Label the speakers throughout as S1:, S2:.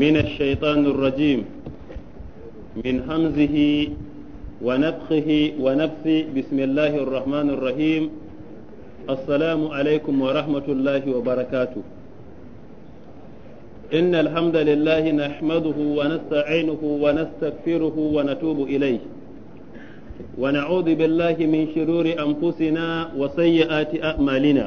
S1: من الشيطان الرجيم من همزه ونفخه ونفثه بسم الله الرحمن الرحيم السلام عليكم ورحمة الله وبركاته إن الحمد لله نحمده ونستعينه ونستغفره ونتوب إليه ونعوذ بالله من شرور أنفسنا وسيئات أعمالنا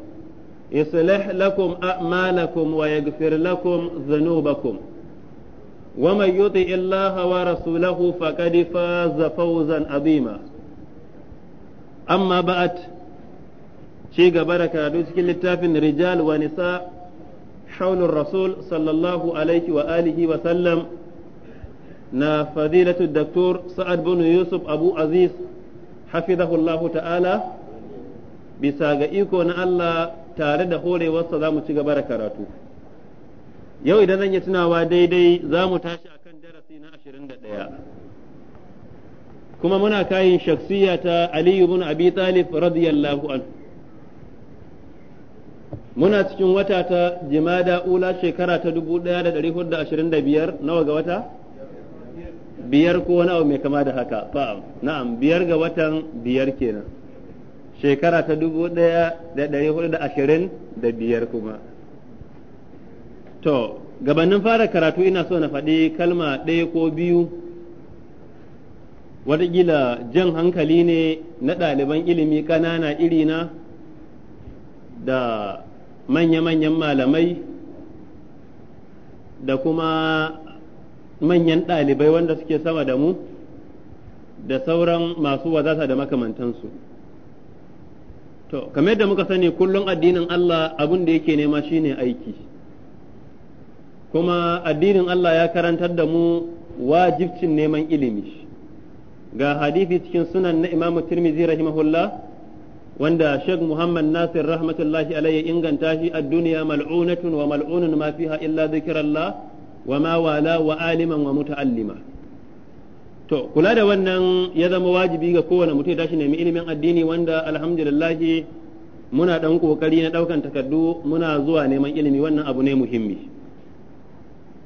S1: يصلح لكم أعمالكم ويغفر لكم ذنوبكم ومن يطع الله ورسوله فقد فاز فوزا عظيما أما بعد شيء بركة لتافن رجال ونساء حول الرسول صلى الله عليه وآله وسلم نا فضيلة الدكتور سعد بن يوسف أبو عزيز حفظه الله تعالى bisa ga iko na Allah tare da horewarsa za mu ci gaba da karatu yau idan zan yi tunawa daidai za mu tashi a kan darasi na ashirin da ɗaya kuma muna kayin shaksiya ta aliyu bin abi talib radiyallahu an muna cikin wata ta jimada ula shekara ta dubu ɗaya da ɗari hudu ashirin da biyar nawa ga wata biyar ko wani abu mai kama da haka fa'am na'am biyar ga watan biyar kenan shekara ta dubu ɗaya da ɗari hudu da ashirin da biyar kuma to gabanin fara karatu ina so na faɗi kalma ɗaya ko biyu gila jan hankali ne na ɗaliban ilimi ƙanana irina da manya-manyan malamai da kuma manyan ɗalibai wanda suke sama da mu da sauran masu wazata da makamantansu to kamar da muka sani kullum addinin Allah abun da yake nema shine aiki kuma addinin Allah ya karantar da mu wajibcin neman ilimi ga hadisi cikin sunan na Imam Tirmidhi rahimahullah wanda Sheikh Muhammad Nasir rahmatullahi alayhi inganta shi ad-dunya mal'unatun wa mal'unun ma fiha illa dhikrallah wa ma wala wa aliman wa muta'allima to kula da wannan ya zama wajibi ga kowane mutum ya tashi nemi ilimin addini wanda alhamdulillah muna dan kokari na daukan takardu muna zuwa neman ilimi wannan abu ne muhimmi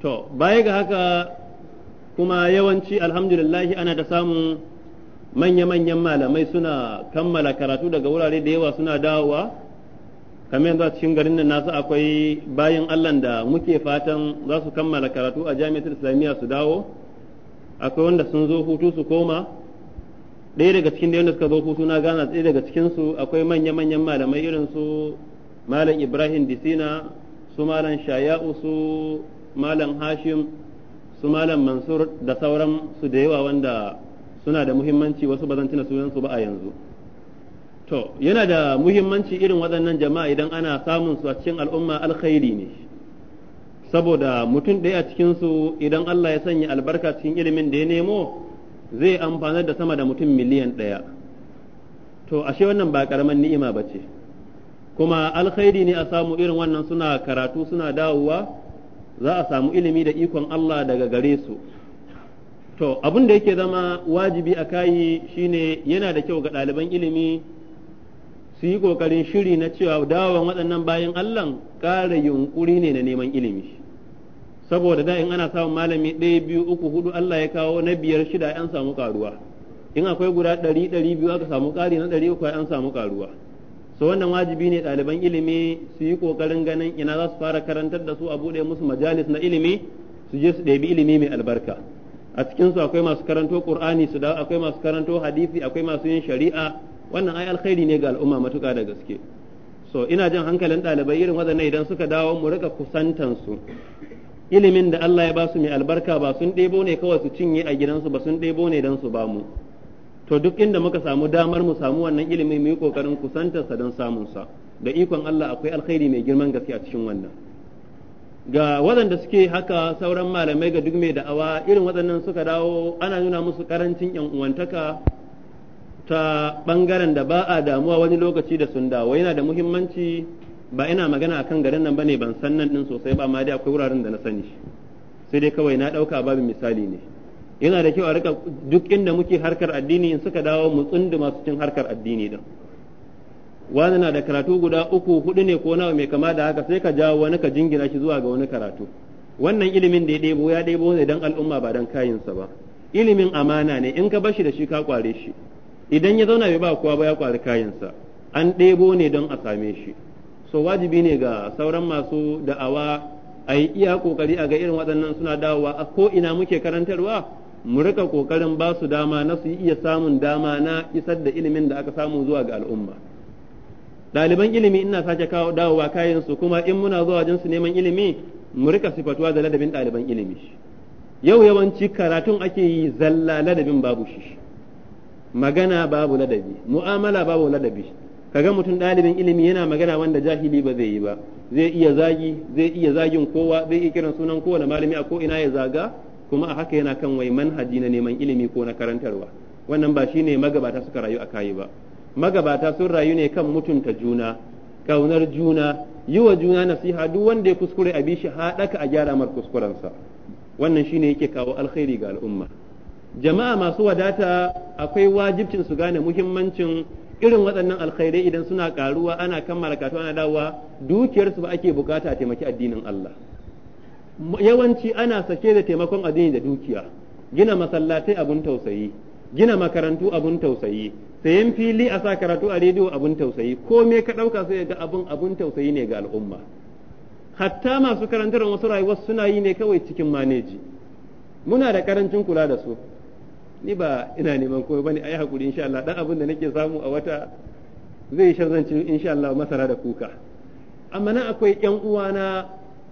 S1: to baya ga haka kuma yawanci alhamdulillah ana ta samun manya-manyan malamai suna kammala karatu daga wurare da yawa suna dawowa kamar yanzu a cikin garin nan nasu akwai bayan allah da muke fatan za su kammala karatu a jami'ar islamiyya su dawo akwai wanda sun zo hutu su koma ɗaya daga cikin da wanda suka zo hutu na gana ɗaya daga cikin su akwai manya-manyan malamai irin su malam ibrahim disina su malam shaya'u su malam hashim su malam mansur da sauran su da yawa wanda suna da muhimmanci wasu bazan tuna sunansu ba a yanzu to yana da muhimmanci irin waɗannan jama'a idan ana samun su a cikin al'umma alkhairi ne saboda mutum ɗaya a cikinsu idan Allah ya sanya albarka cikin ilimin da ya nemo zai amfanar da sama da mutum miliyan ɗaya to ashe wannan ba ƙaramin ni'ima ba ce kuma alkhairi ne a samu irin wannan suna karatu suna dawowa za a samu ilimi da ikon Allah daga gare su to abin da yake zama wajibi a kayi shine yana da kyau ga ɗaliban ilimi su yi kokarin shiri na cewa dawowa waɗannan bayan allahn ƙara yunkuri ne na neman ilimi saboda da in ana samun malami ɗaya biyu uku hudu Allah ya kawo na biyar shida an samu karuwa in akwai guda ɗari ɗari biyu aka samu ƙari na ɗari uku an samu karuwa so wannan wajibi ne ɗaliban ilimi su yi kokarin ganin ina za su fara karantar da su a buɗe musu majalis na ilimi su je su ɗebi ilimi mai albarka a cikinsu akwai masu karanto ƙur'ani su da akwai masu karanto hadisi akwai masu yin shari'a wannan ai alkhairi ne ga al'umma matuƙa da gaske so ina jan hankalin ɗalibai irin waɗannan idan suka dawo mu rika kusantan su ilimin da Allah ya ba su mai albarka ba sun ɗebo ne kawai su cinye a gidansu ba sun ɗebo ne don su ba mu to duk inda muka samu damar mu samu wannan ilimin mu yi kokarin kusantarsa don samun sa da ikon Allah akwai alkhairi mai girman gaske a cikin wannan ga waɗanda suke haka sauran malamai ga duk mai da'awa irin waɗannan suka dawo ana nuna musu karancin yan uwantaka ta bangaren da ba a damuwa wani lokaci da sun dawo yana da muhimmanci ba ina magana akan garin nan bane ban san nan din sosai ba ma dai akwai wuraren da na sani sai dai kawai na dauka babu misali ne yana da kyau a rika duk inda muke harkar addini in suka dawo mu tsundu masu cin harkar addini din wani na da karatu guda uku hudu ne ko nawa mai kama da haka sai ka jawo wani ka jingina shi zuwa ga wani karatu wannan ilimin da ya ɗebo ya ɗebo ne dan al'umma ba dan kayinsa ba ilimin amana ne in ka bashi da shi ka kware shi idan ya zauna bai ba kowa ba ya kwari kayansa an ɗebo ne don a same shi so wajibi ne ga sauran masu da'awa a yi iya kokari a ga irin waɗannan suna dawowa a ko ina muke karantarwa mu rika kokarin ba su dama na su iya samun dama na isar da ilimin da aka samu zuwa ga al'umma ɗaliban ilimi ina sake kawo dawowa kayansu kuma in muna zuwa wajen su neman ilimi mu rika sifatuwa da ladabin ɗaliban ilimi yau yawanci karatun ake yi zalla ladabin babu shi magana babu ladabi mu'amala babu ladabi kaga mutum ɗalibin ilimi yana magana wanda jahili ba zai yi ba zai iya zagi zai iya zagin kowa zai iya kiran sunan kowane malami a ko ina ya zaga kuma a haka yana kan wai manhaji na neman ilimi ko na karantarwa wannan ba shine magabata suka rayu a kayi ba magabata sun rayu ne kan mutunta juna kaunar juna yi wa juna nasiha duk wanda ya kuskure a bi shi haɗaka a gyara mar kuskurensa wannan shine yake kawo alkhairi ga al'umma jama'a masu wadata akwai wajibcin su gane muhimmancin irin waɗannan alkhairai idan suna karuwa ana kammala katu ana dawowa dukiyarsu ba ake bukata a taimaki addinin Allah yawanci ana sake da taimakon addini da dukiya gina masallatai abun tausayi gina makarantu abun tausayi sayan fili a sa karatu a rediyo abun tausayi komai ka ɗauka sai ga abun abun tausayi ne ga al'umma hatta masu karantar wasu rayuwar suna yi ne kawai cikin maneji muna da karancin kula da su ni ba ina neman komai bane ayi hakuri insha Allah dan abin da nake samu a wata zai shazanci insha Allah masara da kuka amma nan akwai yan uwana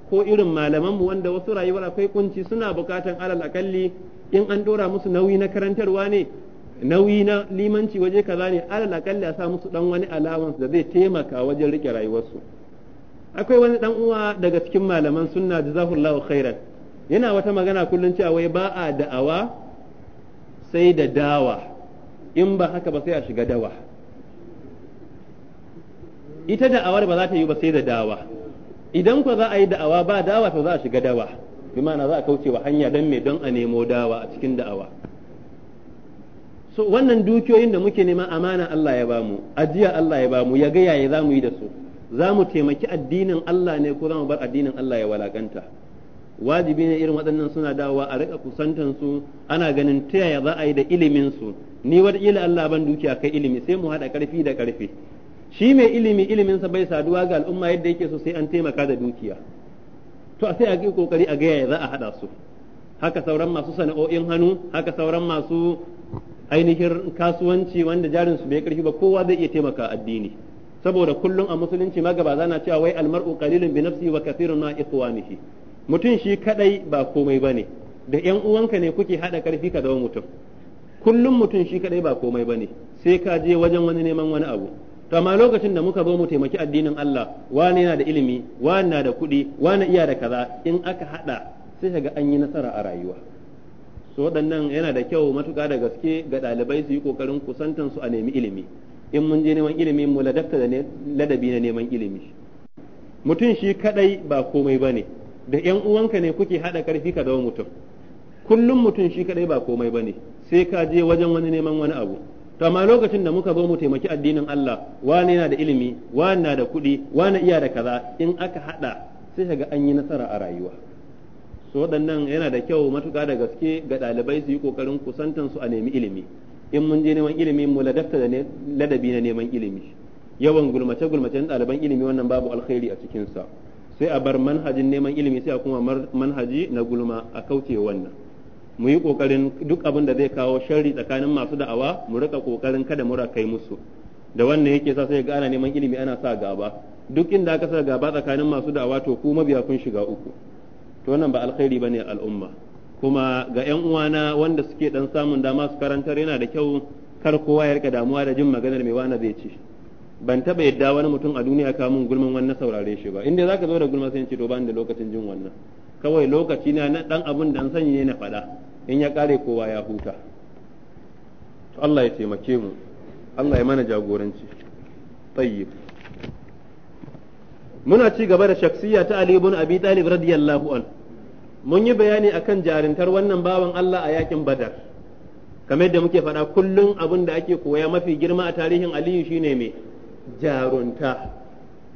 S1: ko irin malaman mu wanda wasu rayuwar akwai kunci suna bukatan alal akalli in an dora musu nauyi na karantarwa ne nauyi na limanci waje kaza ne alal akalli a sa musu dan wani allowance da zai taimaka wajen rike rayuwarsu akwai wani dan uwa daga cikin malaman sunna jazahullahu khairan yana wata magana kullun cewa wai ba a da'awa sai da dawa in ba haka ba sai a shiga dawa ita da'awar ba za ta yi ba sai da dawa idan ku za a yi da'awa ba dawa to za a shiga dawa bi ma'ana za a kauce wa hanya don mai don a nemo dawa a cikin da'awa so wannan dukiyoyin da muke nema amana Allah ya bamu ajiya Allah ya bamu ya ga yaya za mu yi da su za mu taimaki addinin Allah ne ko za mu bar addinin Allah ya walakanta wajibi ne irin waɗannan suna dawowa a rika kusantan su ana ganin ta yaya za a yi da ilimin su ni wata ila Allah ban dukiya kai ilimi sai mu haɗa ƙarfi da ƙarfi shi mai ilimi ilimin sa bai saduwa ga al'umma yadda yake so sai an taimaka da dukiya to sai a yi kokari a ga yaya za a haɗa su haka sauran masu sana'o'in hannu haka sauran masu ainihin kasuwanci wanda jarin su bai karfi ba kowa zai iya taimaka addini saboda kullum a musulunci magaba zana cewa wai almar'u qalilun bi nafsihi wa kathirun ma ikhwanihi mutum shi kadai ba komai ba ne da yan uwanka ne kuke haɗa ƙarfi ka zama mutum kullum mutum shi kadai ba komai ba ne sai ka je wajen wani neman wani abu to amma lokacin da muka zo mu taimaki addinin Allah wani yana da ilimi wani na da kuɗi wani iya da kaza in aka haɗa sai ga an yi nasara a rayuwa so waɗannan yana da kyau matuƙa da gaske ga ɗalibai su yi ƙoƙarin kusantan su a nemi ilimi in mun je neman ilimi mu ladabta da ladabi na neman ilimi mutum shi kadai ba komai ba ne. da yan uwanka ne kuke haɗa ƙarfi ka zama mutum kullum mutum shi kaɗai ba komai ba ne sai ka je wajen wani neman wani abu to amma lokacin da muka zo mu taimaki addinin Allah wani yana da ilimi wani na da kuɗi wani iya da kaza in aka haɗa sai ga an yi nasara a rayuwa so waɗannan yana da kyau matuƙa da gaske ga ɗalibai su yi ƙoƙarin kusantan su a nemi ilimi in mun je neman ilimi mu ladafta da ladabi na neman ilimi yawan gulmace gulmacen ɗaliban ilimi wannan babu alkhairi a cikinsa sai a bar manhajin neman ilimi sai a kuma manhaji na gulma a kauce wannan mu yi kokarin duk abin da zai kawo sharri tsakanin masu da'awa mu rika kokarin kada mu kai musu da wannan yake sa sai ga ana neman ilimi ana sa gaba duk inda aka sa gaba tsakanin masu da'awa to ku mabiya kun shiga uku to wannan ba alkhairi bane al'umma kuma ga yan uwana wanda suke dan samun dama su karantar yana da kyau kar kowa ya rika damuwa da jin maganar mai wani zai ci ban taba yadda wani mutum a duniya ka mun gulman wannan saurare shi ba inda zaka zo da gulma sai ce to ba da lokacin jin wannan kawai lokaci na na dan abun da an sani ne na faɗa in ya kare kowa ya huta to Allah ya taimake mu Allah ya mana jagoranci tayyib muna ci gaba da shaksiya ta Ali ibn Abi Talib radiyallahu an mun yi bayani akan jarintar wannan bawan Allah a yakin Badar kamar yadda muke faɗa kullun abin da ake koya mafi girma a tarihin Aliyu shine me jarunta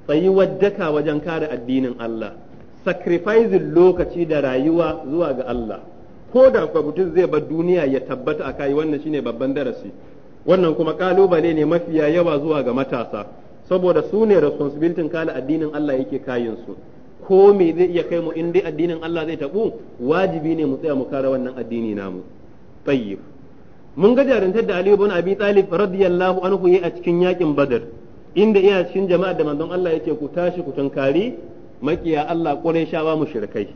S1: tsayi waddaka wajen kare addinin Allah sacrificing lokaci da rayuwa zuwa ga Allah ko da kwa mutum zai bar duniya ya tabbata a kai wannan shine babban darasi wannan kuma kalubale ne mafiya yawa zuwa ga matasa saboda su ne responsibility kare addinin Allah yake kayin su ko me zai iya kai mu in dai addinin Allah zai tabu wajibi ne mu tsaya mu kare wannan addini namu tayyib mun ga jaruntar da Ali ibn Abi Talib radiyallahu anhu yayi a cikin yakin Badr inda ina cikin jama'a da manzon Allah yake ku tashi ku tunkari makiya Allah shawa shirkai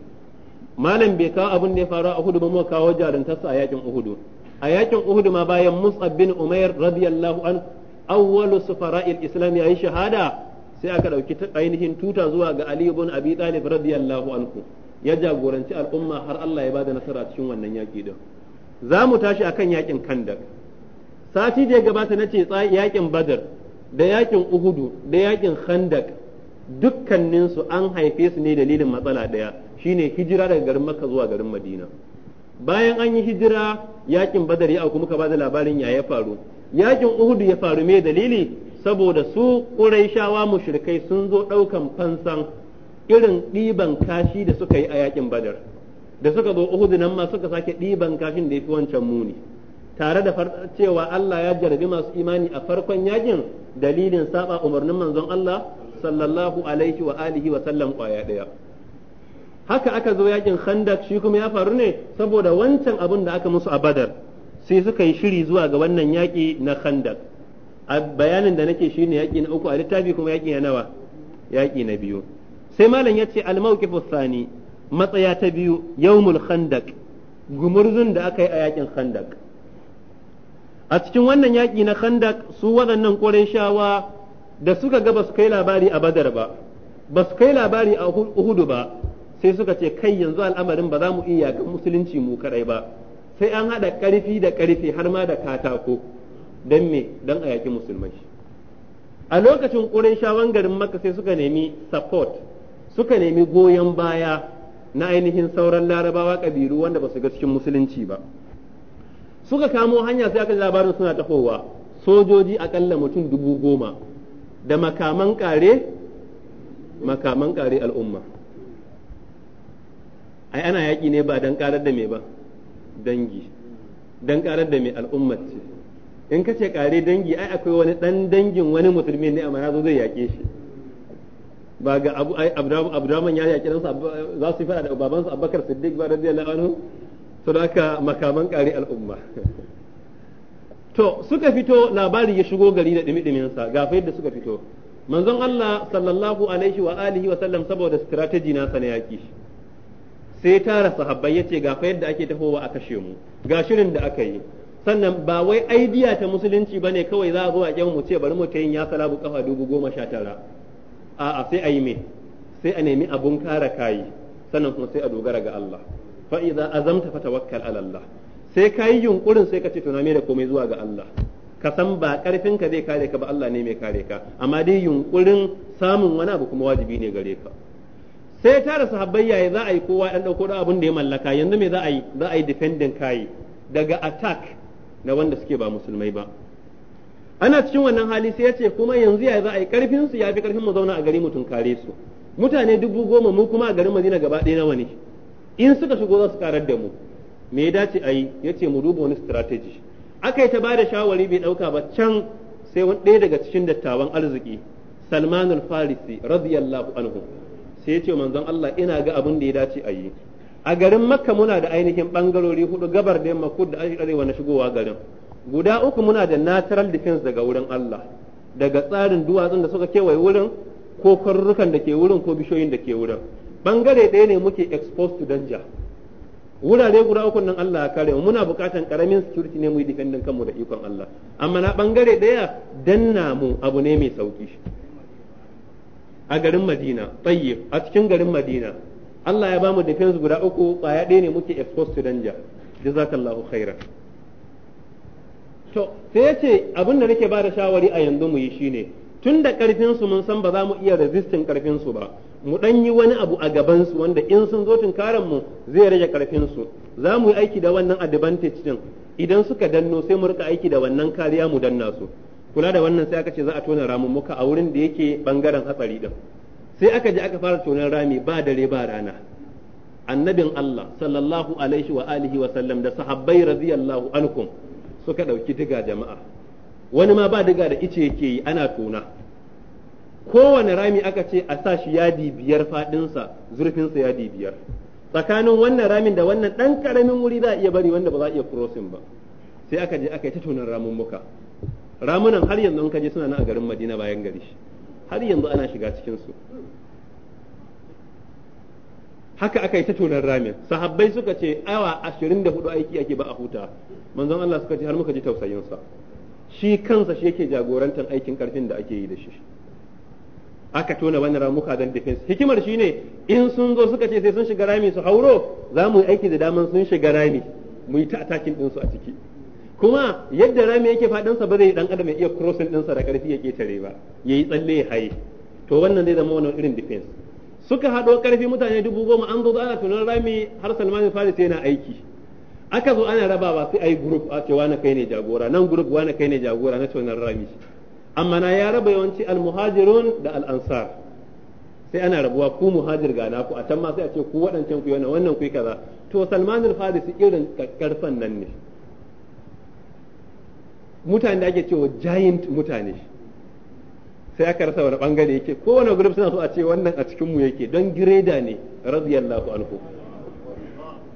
S1: malam bai kawo abin da ya faru a Uhud ba mu kawo jarinta a yakin Uhud a yakin Uhud ma bayan Mus'ab bin Umair radiyallahu an awwalu sufara'il islam yayi shahada sai aka dauki ainihin tuta zuwa ga Ali ibn Abi Talib radiyallahu anhu ya jagoranci al'umma har Allah ya bada nasara cikin wannan yaki din za mu tashi akan yakin Kandak sati da ya gabata nace yakin Badr da yakin uhudu da yakin khandak dukkanin su an haife su ne dalilin matsala daya shine hijira daga garin makka zuwa garin madina bayan an yi hijira yakin badar ya kuma ka bada labarin ya ya faru yakin uhudu ya faru me dalili saboda su quraishawa mushrikai sun zo daukan fansan irin diban kashi da suka yi a yakin badar da suka zo uhudu nan ma suka sake diban kashin da ya fi wancan muni tare da cewa Allah ya jarabi masu imani a farkon yakin dalilin saba umarnin manzon Allah sallallahu alaihi wa alihi wa sallam kwaya daya haka aka zo yakin khandak shi kuma ya faru ne saboda wancan abin da aka musu a badar sai suka yi shiri zuwa ga wannan yaki na khandak a bayanin da nake shine yaki na uku a littafi kuma yaki na nawa yaki na biyu sai malam yace al-mawqifu thani matsaya ta biyu yawmul khandak gumurzun da aka yi a yakin khandak a cikin wannan yaƙi na khandak su waɗannan shawa da suka ga ba su kai labari a badar ba ba su kai labari a uhudu ba sai suka ce kai yanzu al'amarin ba za mu iya ga musulunci mu kadai ba sai an haɗa ƙarfi da ƙarfi har ma da katako don me don a yaƙi musulmai a lokacin shawan garin maka sai suka nemi support suka nemi goyon baya na ainihin sauran larabawa ƙabilu wanda ba su ga cikin musulunci ba suka kamo hanya sai aka labarin suna tahowa sojoji akalla mutum dubu goma da makaman kare makaman kare al'umma ai ana yaƙi ne ba don karar da me ba dangi don karar da me al'ummar ce in ka ce kare dangi ai akwai wani dan dangin wani musulmi ne amma zo zai yaƙe shi ba ga abu ai abdurrahman ya yaƙi dan za su yi fada da babansa abubakar siddiq ba radiyallahu anhu to da aka makaman ƙari al'umma to suka fito labari ya shigo gari da dimi sa ga yadda suka fito manzon Allah sallallahu alaihi wa alihi wa sallam saboda strategy na sana yaki sai tara sahabbai yace ga fa yadda ake tafowa a kashe mu ga shirin da aka yi sannan ba wai idea ta musulunci bane kawai za a zo a kyan mu ce bari mu ta yin ya salabu kafa dubu goma sha tara a'a sai a yi me sai a nemi abun kara kayi sannan kuma sai a dogara ga Allah fa idza azamta tawakkal ala Allah sai kai yunkurin sai ka ce to da komai zuwa ga Allah ka san ba karfin ka zai kare ka ba Allah ne mai kare ka amma dai yunkurin samun wani abu kuma wajibi ne gare ka sai tara sahabbai yayi za a yi kowa dan dauko da abin da ya mallaka yanzu me za a yi za a yi defending kai daga attack na wanda suke ba musulmai ba ana cikin wannan hali sai ya ce kuma yanzu yayi za a yi karfin su ya fi karfin mu zauna a gari mutun kare su mutane dubu goma mu kuma a garin Madina gaba ɗaya nawa ne in suka shigo za su karar da mu me ya dace a yi ya ce mu duba wani strategy aka yi ta bada shawari bai ɗauka ba can sai wani ɗaya daga cikin dattawan arziki salman al-farisi radiyallahu anhu sai ya ce manzon Allah ina ga abin da ya dace a yi a garin makka muna da ainihin bangarori hudu gabar da yamma kudu da arewa na shigowa garin guda uku muna da natural defense daga wurin Allah daga tsarin duwatsun da suka kewaye wurin ko karrukan da ke wurin ko bishoyin da ke wurin bangare ɗaya ne muke exposed to danger wurare guda uku nan Allah ya kare mu muna bukatan karamin security ne mu yi defending kanmu da ikon Allah amma na bangare daya danna mu abu ne mai sauki a garin Madina tayyib a cikin garin Madina Allah ya bamu defense guda uku kwaya ɗaya ne muke exposed to danger jazakallahu khairan to sai yace abin da nake ba da shawari a yanzu mu yi shine tun da karfin mun san ba za mu iya rezistin karfin su ba mu dan yi wani abu a gabansu wanda in sun zo tunkaran mu zai rage karfin su za mu yi aiki da wannan advantage din idan suka danno sai mu rika aiki da wannan kariya mu danna su kula da wannan sai aka ce za a tona muka a wurin da yake bangaren hatsari din sai aka je aka fara tonan rami ba dare ba rana annabin Allah sallallahu alaihi wa alihi wa sallam da sahabbai radiyallahu anhum suka dauki diga jama'a wani ma ba daga da ice yake yi ana tona kowane rami aka ce a sa shi yadi biyar faɗinsa zurfinsa yadi biyar tsakanin wannan ramin da wannan ɗan ƙaramin wuri za a iya bari wanda ba za a iya crossing ba sai aka je aka yi ta tonon muka ramunan har yanzu ka je suna nan a garin madina bayan gari har yanzu ana shiga cikinsu haka aka yi ta tonon ramin sahabbai suka ce awa ashirin da hudu aiki ake ba a huta manzon Allah suka ce har muka ji tausayinsa shi kansa shi yake jagorantar aikin karfin da ake yi da shi aka tona wani ramuka don defense hikimar shi ne in sun zo suka ce sai sun shiga rami su hauro za mu yi aiki da daman sun shiga rami mu yi ta atakin ɗinsu a ciki kuma yadda rami yake faɗinsa ba zai dan adam ya iya crossing ɗinsa da ƙarfi ya ƙetare ba ya yi tsalle ya haye to wannan zai zama wani irin defense suka haɗo ƙarfi mutane dubu goma an zo za a tunan rami har salman faris yana aiki aka zo ana rabawa sai ai group a ce wani kai ne jagora nan group wani kai ne jagora na tonar rami amma na ya raba yawanci almuhajirun da al'ansar sai ana rabuwa ku muhajir ga naku a can ma sai a ce ku waɗancan ku yana wannan ku kaza to Salman al-Farisi irin karfan nan ne mutane da ake cewa giant mutane sai aka rasa wani bangare yake kowane group suna so a ce wannan a cikin mu yake don gireda ne radiyallahu anhu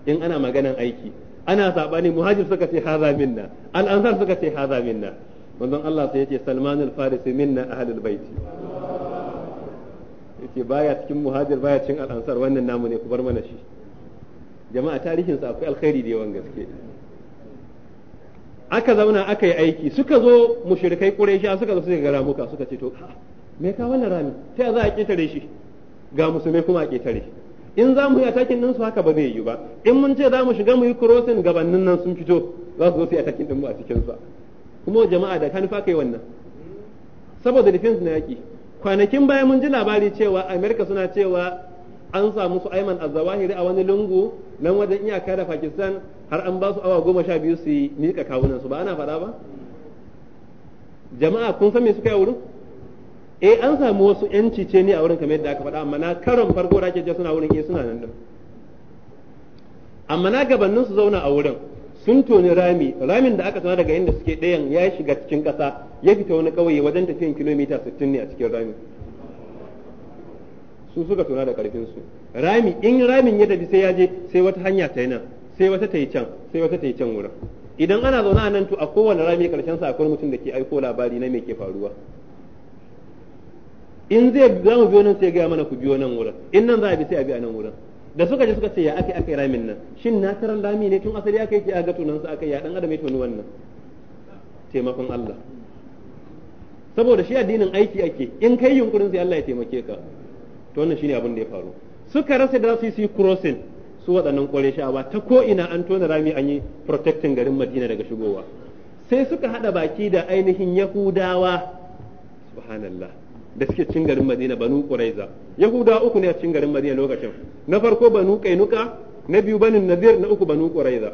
S1: in ana maganan aiki ana saɓani muhajir suka ce haza minna al'ansar suka ce haza minna wanzan Allah sai yace Salman al Farisi minna ahlul bait yace baya cikin muhajir baya cikin al'ansar wannan namu ne ku bar mana shi jama'a tarihin sa akwai alkhairi da yawan gaske aka zauna aka yi aiki suka zo mushrikai quraishi suka zo suka gara muka suka ce to me ka wannan rami ta za a ƙetare shi ga musulmai kuma a ƙetare. shi in za mu yi atakin su haka ba zai yi ba in mun ce za mu shiga mu yi crossing gabanin nan sun fito za su zo su yi atakin din mu a sa kuma jama'a da kan kai wannan saboda defense na yaki kwanakin baya mun ji labari cewa america suna cewa an samu su aiman azawahiri a wani lungu nan wajen iyaka da pakistan har an ba su awa goma sha biyu su yi miƙa kawunan su ba ana faɗa ba jama'a kun san me suka yi wurin eh an samu wasu yanci ce ne a wurin kamar yadda aka faɗa amma na karon farko da ake cewa suna wurin eh suna nan din amma na gabanin su zauna a wurin sun toni rami ramin da aka tona daga inda suke ɗayan ya shiga cikin ƙasa ya fita wani ƙauye wajen tafiyan kilomita 60 ne a cikin ramin su suka tona da ƙarfin su rami in ramin ya tafi sai ya je sai wata hanya ta nan sai wata ta yi can sai wata ta yi can wurin idan ana zaune a nan to a kowane rami karshen sa akwai mutum da ke aiko labari na me ke faruwa in zai za mu biyo nan sai gaya mana ku biyo nan wurin in nan za a bi sai a bi a nan wurin da suka ji suka ce ya ake aka ramin nan shin na taran rami ne tun asali aka yi a ga tunan su aka ya dan adam ya tuni wannan taimakon Allah saboda shi addinin aiki ake in kai yunkurin sai Allah ya taimake ka to wannan shine abin da ya faru suka rasa da su yi crossing su waɗannan ƙwarishawa ta ko ina an tona rami an yi protecting garin Madina daga shigowa sai suka hada baki da ainihin Yahudawa subhanallah da suke cin garin Madina banu qurayza Yahuda uku ne a cin garin Madina lokacin na farko banu qainuka na biyu banu Nadir na uku banu qurayza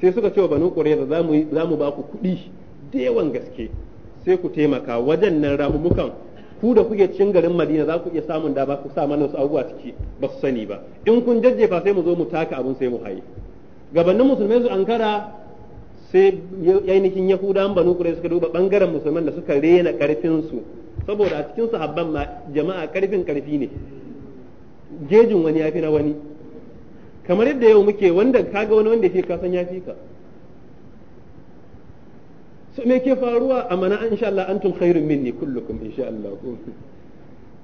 S1: sai suka ce wa banu qurayza za mu za mu ba ku kuɗi da yawan gaske sai ku taimaka wajen nan ramumukan ku da kuke cin garin Madina za ku iya samun da ba ku sa mana wasu abubuwa ciki ba su sani ba in kun jajjefa sai mu zo mu taka abun sai mu haye gabanin musulmai su ankara sai ainihin yahudan banu qurayza suka duba bangaren musulman da suka rena karfin su saboda a cikin sahabban ma jama'a karfin karfi ne gejin wani yafi na wani kamar yadda yau muke wanda kaga wani wanda ke kasan yafi ka so me ke faruwa an sha Allah antum khairun minni kullukum sha Allah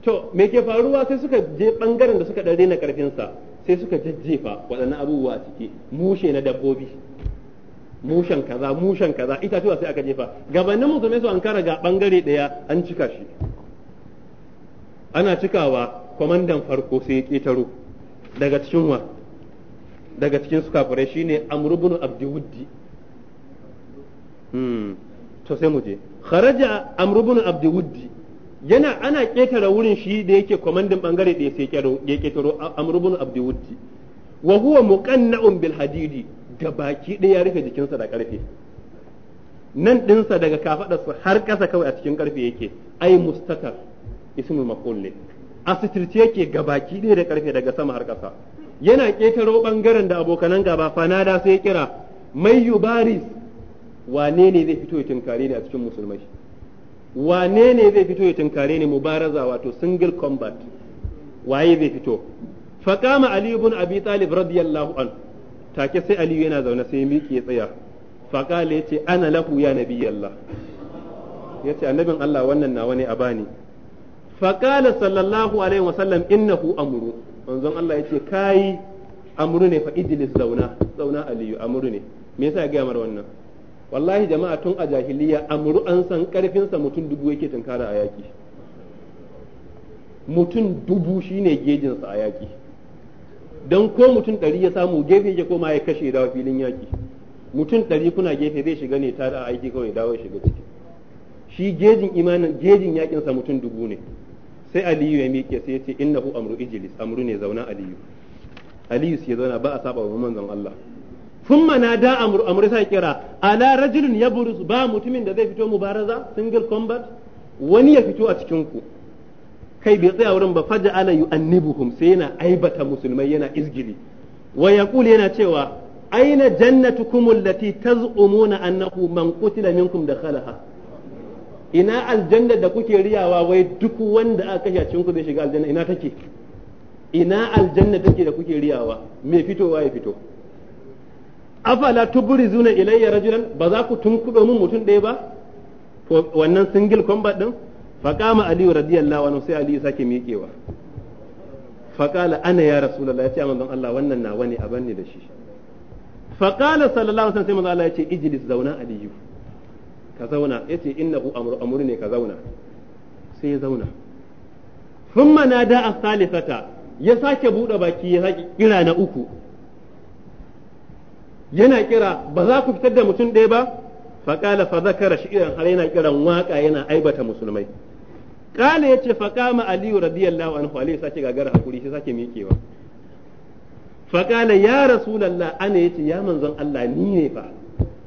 S1: to me ke faruwa sai suka je bangaren da suka dare na karfin sa sai suka jajjefa waɗannan abubuwa suke ciki mushe na dabbobi mushen kaza mushen kaza ita tuwa sai aka jefa gabanin musulmai su an kara ga bangare daya an cika shi ana cikawa kwamandan farko sai ya ketaro daga cikin wa daga cikin su kafirai shine ne ibn abdiwuddi hmm to sai mu je kharaja amru abdiwuddi yana ana ketara wurin shi da yake kwamandan bangare daya sai ya ketaro amru abdiwuddi wa huwa muqanna'un bil hadidi ga baki ɗaya ya rufe jikinsa da ƙarfe nan ɗinsa daga kafaɗarsa har ƙasa kawai a cikin ƙarfe yake ai mustatar ismul Makulle ne a sitirce yake ga baki ɗaya da ƙarfe daga sama har ƙasa yana ƙetaro ɓangaren da abokanan gaba fanada sai kira mai yubaris wane ne zai fito ya tunkare ne a cikin musulmai wane ne zai fito ya tunkare ne mubaraza wato single combat waye zai fito faqama ali ibn abi talib radiyallahu anhu take sai aliyu yana zaune sai miƙe tsaya faƙala yace ana lahu ya nabi Allah yace annabin Allah wannan nawa ne a bani faƙala sallallahu alaihi wasallam innahu amru manzon Allah yace kai amru ne fa idlis zauna zauna aliyu amru ne me yasa ya ga mar wannan wallahi jama'a tun a jahiliya amuru an san karfin sa mutum dubu yake tunkara a yaki mutum dubu shine gejinsa a yaki don ko mutum ɗari ya samu gefe ya koma ya kashe dawa filin yaki mutum ɗari kuna gefe zai shiga ne tare a aiki kawai ya shiga ciki shi gejin imanin gejin yaƙinsa mutum dubu ne sai aliyu ya miƙe sai ya ce innahu amru ijilis amru ne zauna aliyu aliyu sai zauna ba a saba wa manzon Allah thumma nada amru amru sai kira ala rajulun yabruz ba mutumin da zai fito mubaraza single combat wani ya fito a cikin ku kai bai tsaya wurin ba faja ala yu'annibuhum sai yana aibata musulmai yana izgili wa yaqul yana cewa aina jannatukum allati taz'umuna annahu man qutila minkum dakhalaha ina aljanna da kuke riyawa wai duk wanda aka kashe cikin ku zai shiga aljanna ina take ina aljanna take da kuke riyawa me fitowa ya fito afala tubrizuna ilayya rajulan ba za ku tunkudo min mutum ɗaya ba wannan single combat din faqama aliyu radiyallahu anhu sai aliyu sake miƙewa faqala ana ya rasulullahi ya ce manzon Allah wannan na wani a banni da shi faqala sallallahu alaihi wasallam sai manzon Allah ya zauna aliyu ka zauna yace innahu amru amru ne ka zauna sai ya zauna thumma nada as-salisata ya sake bude baki ya sake kira na uku yana kira ba za ku fitar da mutum ɗaya ba faƙala fa zakara shi har yana kiran waka yana aibata musulmai kala yace fa kama aliyu radiyallahu anhu aliyu sake gagara hakuri sai sake mikewa fa kala ya rasulullah ana yace ya manzon Allah ni ne fa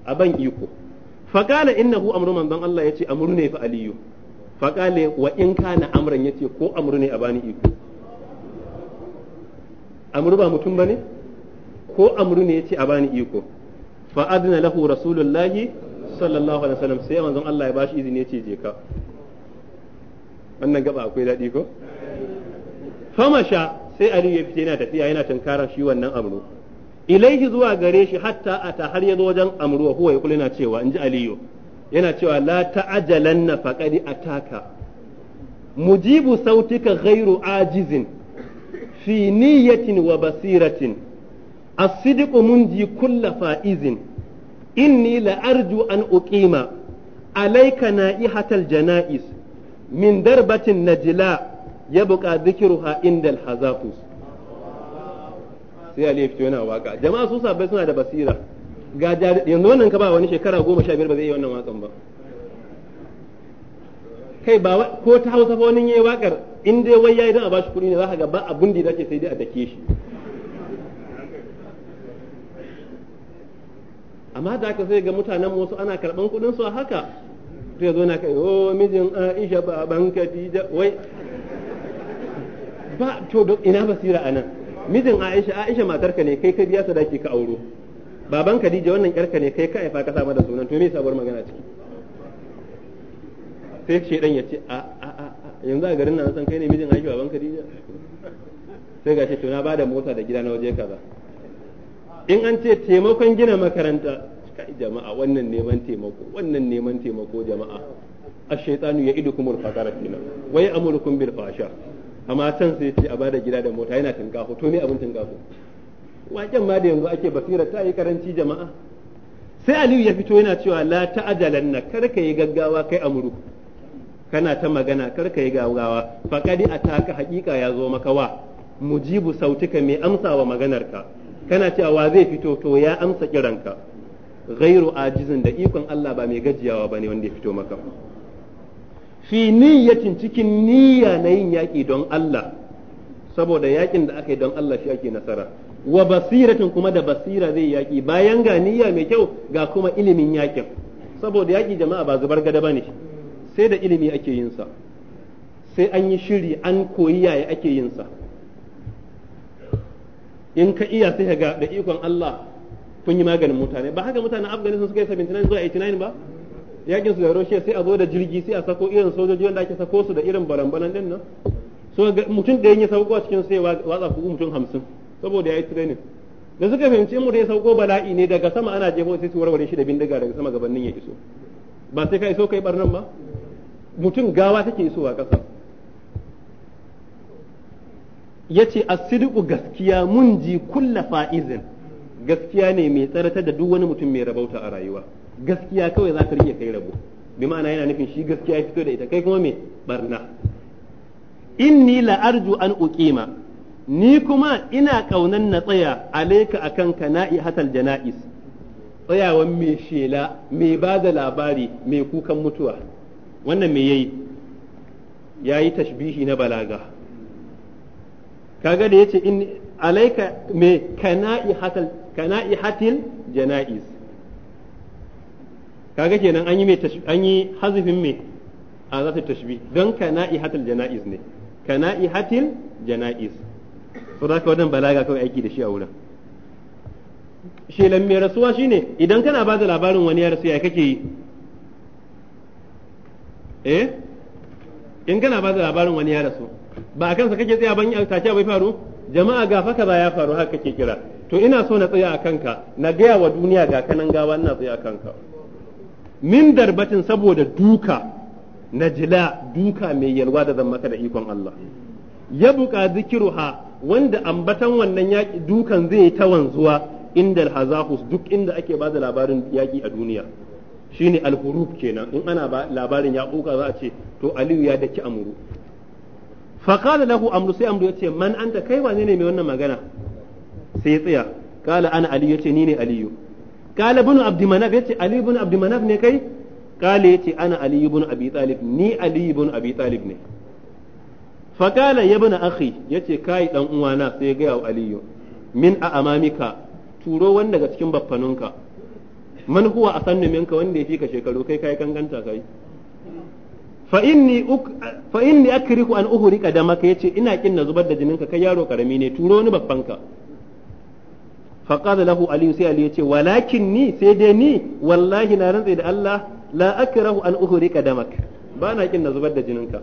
S1: a ban iko fa kala innahu amru manzon Allah yace amru ne fa aliyu fa kala wa in kana amran yace ko amru ne a bani iko amru ba mutum bane ko amru ne yace a bani iko fa adna lahu rasulullahi sallallahu alaihi wasallam sai manzon Allah ya bashi izini yace je ka wannan gaba akwai daɗi ko famasha sai aliyu ya fita yana tafiya yana tunkarar shi wannan amru ilaihi zuwa gare shi hatta ta har ya zo wajen amru wa huwa yaqulu yana cewa ji aliyu yana cewa la ta'ajalanna a taka mujibu sautika ghairu ajizin fi niyyatin wa basiratin الصدق منجي كل فائز إني لأرجو أن أقيم عليك na'ihatal jana'iz. min darbatin najila ya buƙa zikiruha inda alhazaku sai Ali ya fito yana waka jama'a su sabai suna da basira ga yanzu wannan ka ba wani shekara goma sha biyar ba zai yi wannan wakan ba kai ba ko ta hausa ba wani yayi wakar in dai wai yayi dan a bashi kuɗi ne zaka ga ba abun da yake sai dai a dake shi amma da aka sai ga mutanen wasu ana karban kuɗin su a haka sai zo na kai o oh, mijin Aisha baban Khadija wai ba to duk ina basira anan mijin Aisha Aisha matarka ne kai ka biya sadaki ka auro baban Khadija wannan yarka ne kai ka haifa ka sama da sunan to me sabuwar magana ciki sai shi ya yace a a a yanzu a garin nan san kai ne mijin Aisha baban Khadija sai gashi to na bada mota da gida na waje kaza in an ce taimakon gina makaranta kai jama'a wannan neman taimako wannan neman taimako jama'a ash-shaytanu ya'idukumul fakara kenan wa ya'murukum bil fasha amma can sai ce a bada gida da mota yana tinkafo to me abin tinkafo waken ma da yanzu ake basira ta yi karanci jama'a sai aliyu ya fito yana cewa la ta'jalanna kar ka yi gaggawa kai amuru kana ta magana kar ka yi gaggawa faqadi ataka haqiqa ya zo maka wa mujibu sautika mai amsa wa maganarka kana cewa wa zai fito to ya amsa kiranka ghairu ajizin da ikon Allah ba mai gajiyawa ne wanda ya fito maka fi niyyatin cikin niyya na yin yaƙi don Allah saboda yaƙin da aka yi don Allah shi ake nasara wa basiratin kuma da basira zai yaki bayan ga niyya mai kyau ga kuma ilimin yaƙin saboda yaƙi jama'a ba zubar gada bane sai da ilimi ake yin sa sai an yi shiri an koyi yaya ake yin sa in ka iya sai ga da ikon Allah kun yi maganin mutane ba haka mutanen afghanistan suka yi 79 zuwa 89 ba yakin su da russia sai a zo da jirgi sai a sako irin sojoji wanda ake sako su da irin barambalan din nan so mutum da ya yi sauko a cikin sai watsa ku mutum hamsin saboda ya yi training da suka fahimci in mutum ya sauko bala'i ne daga sama ana jefo sai su warware shi da bindiga daga sama gabanin ya iso ba sai ka iso kai barnan ba mutum gawa take isowa kasa yace as-sidqu gaskiya mun ji kulla fa'izin gaskiya ne mai tsaratar da duk wani mutum mai rabauta a rayuwa gaskiya kawai za ka rike kai rabo bi ma'ana yana nufin shi gaskiya ya fito da ita kai kuma me barna inni la arju an uqima ni kuma ina kaunan na tsaya alaika akan kana'i hatal jana'is tsayawan mai shela mai ba da labari mai kukan mutuwa wannan mai yayi yayi tashbihi na balaga kaga da yace in alaika me kana'i hatal kana'i hatil jana'is kaga kenan an yi me an yi hazifin me a zata tashbi don kana'i hatal jana'iz ne kana'i hatil jana'iz so da ka wannan balaga kawai aiki da shi a wurin shelan mai rasuwa shine idan kana ba da labarin wani ya rasu ya kake yi eh in kana ba da labarin wani ya rasu ba a kansa kake tsaya ban yi a bai faru jama'a ga faka ba ya faru haka ke kira to ina so na tsaya a kanka na gaya wa duniya ga kanan gawa ina tsaya a kanka min darbatin saboda duka na jila duka mai yalwa da zan maka da ikon Allah ya bukazi zikiruha wanda ambatan wannan yaƙi dukan zai yi ta wanzuwa inda alhazahus duk inda ake ba da labarin yaƙi a duniya shine alhuruf kenan in ana labarin ya ƙuka za a ce to aliyu ya daki amuru فقال له sai سي امر يتي من انت كاي واني ني مي magana sai ya tsaya kala ana ali yace ni ne aliyu kala ibn abd manaf yace ali ibn abd manaf ne kai kala yace ana ali ibn abi talib ni ali ibn abi talib ne فقال ya ابن اخي yace kai dan uwana sai ga yau aliyu min a amamika turo wani daga cikin bafanunka man huwa a sannu minka wanda ya fi ka shekaru kai kai kanganta kai kai fa inni akrihu an uhrika damaka yace ina kin na zubar da jininka kai yaro karami ne turo ni babban ka. fa qala lahu ali sai ali yace walakin ni sai dai ni wallahi na rantsa da Allah la akrahu an uhrika damak ba na kin na zubar da jininka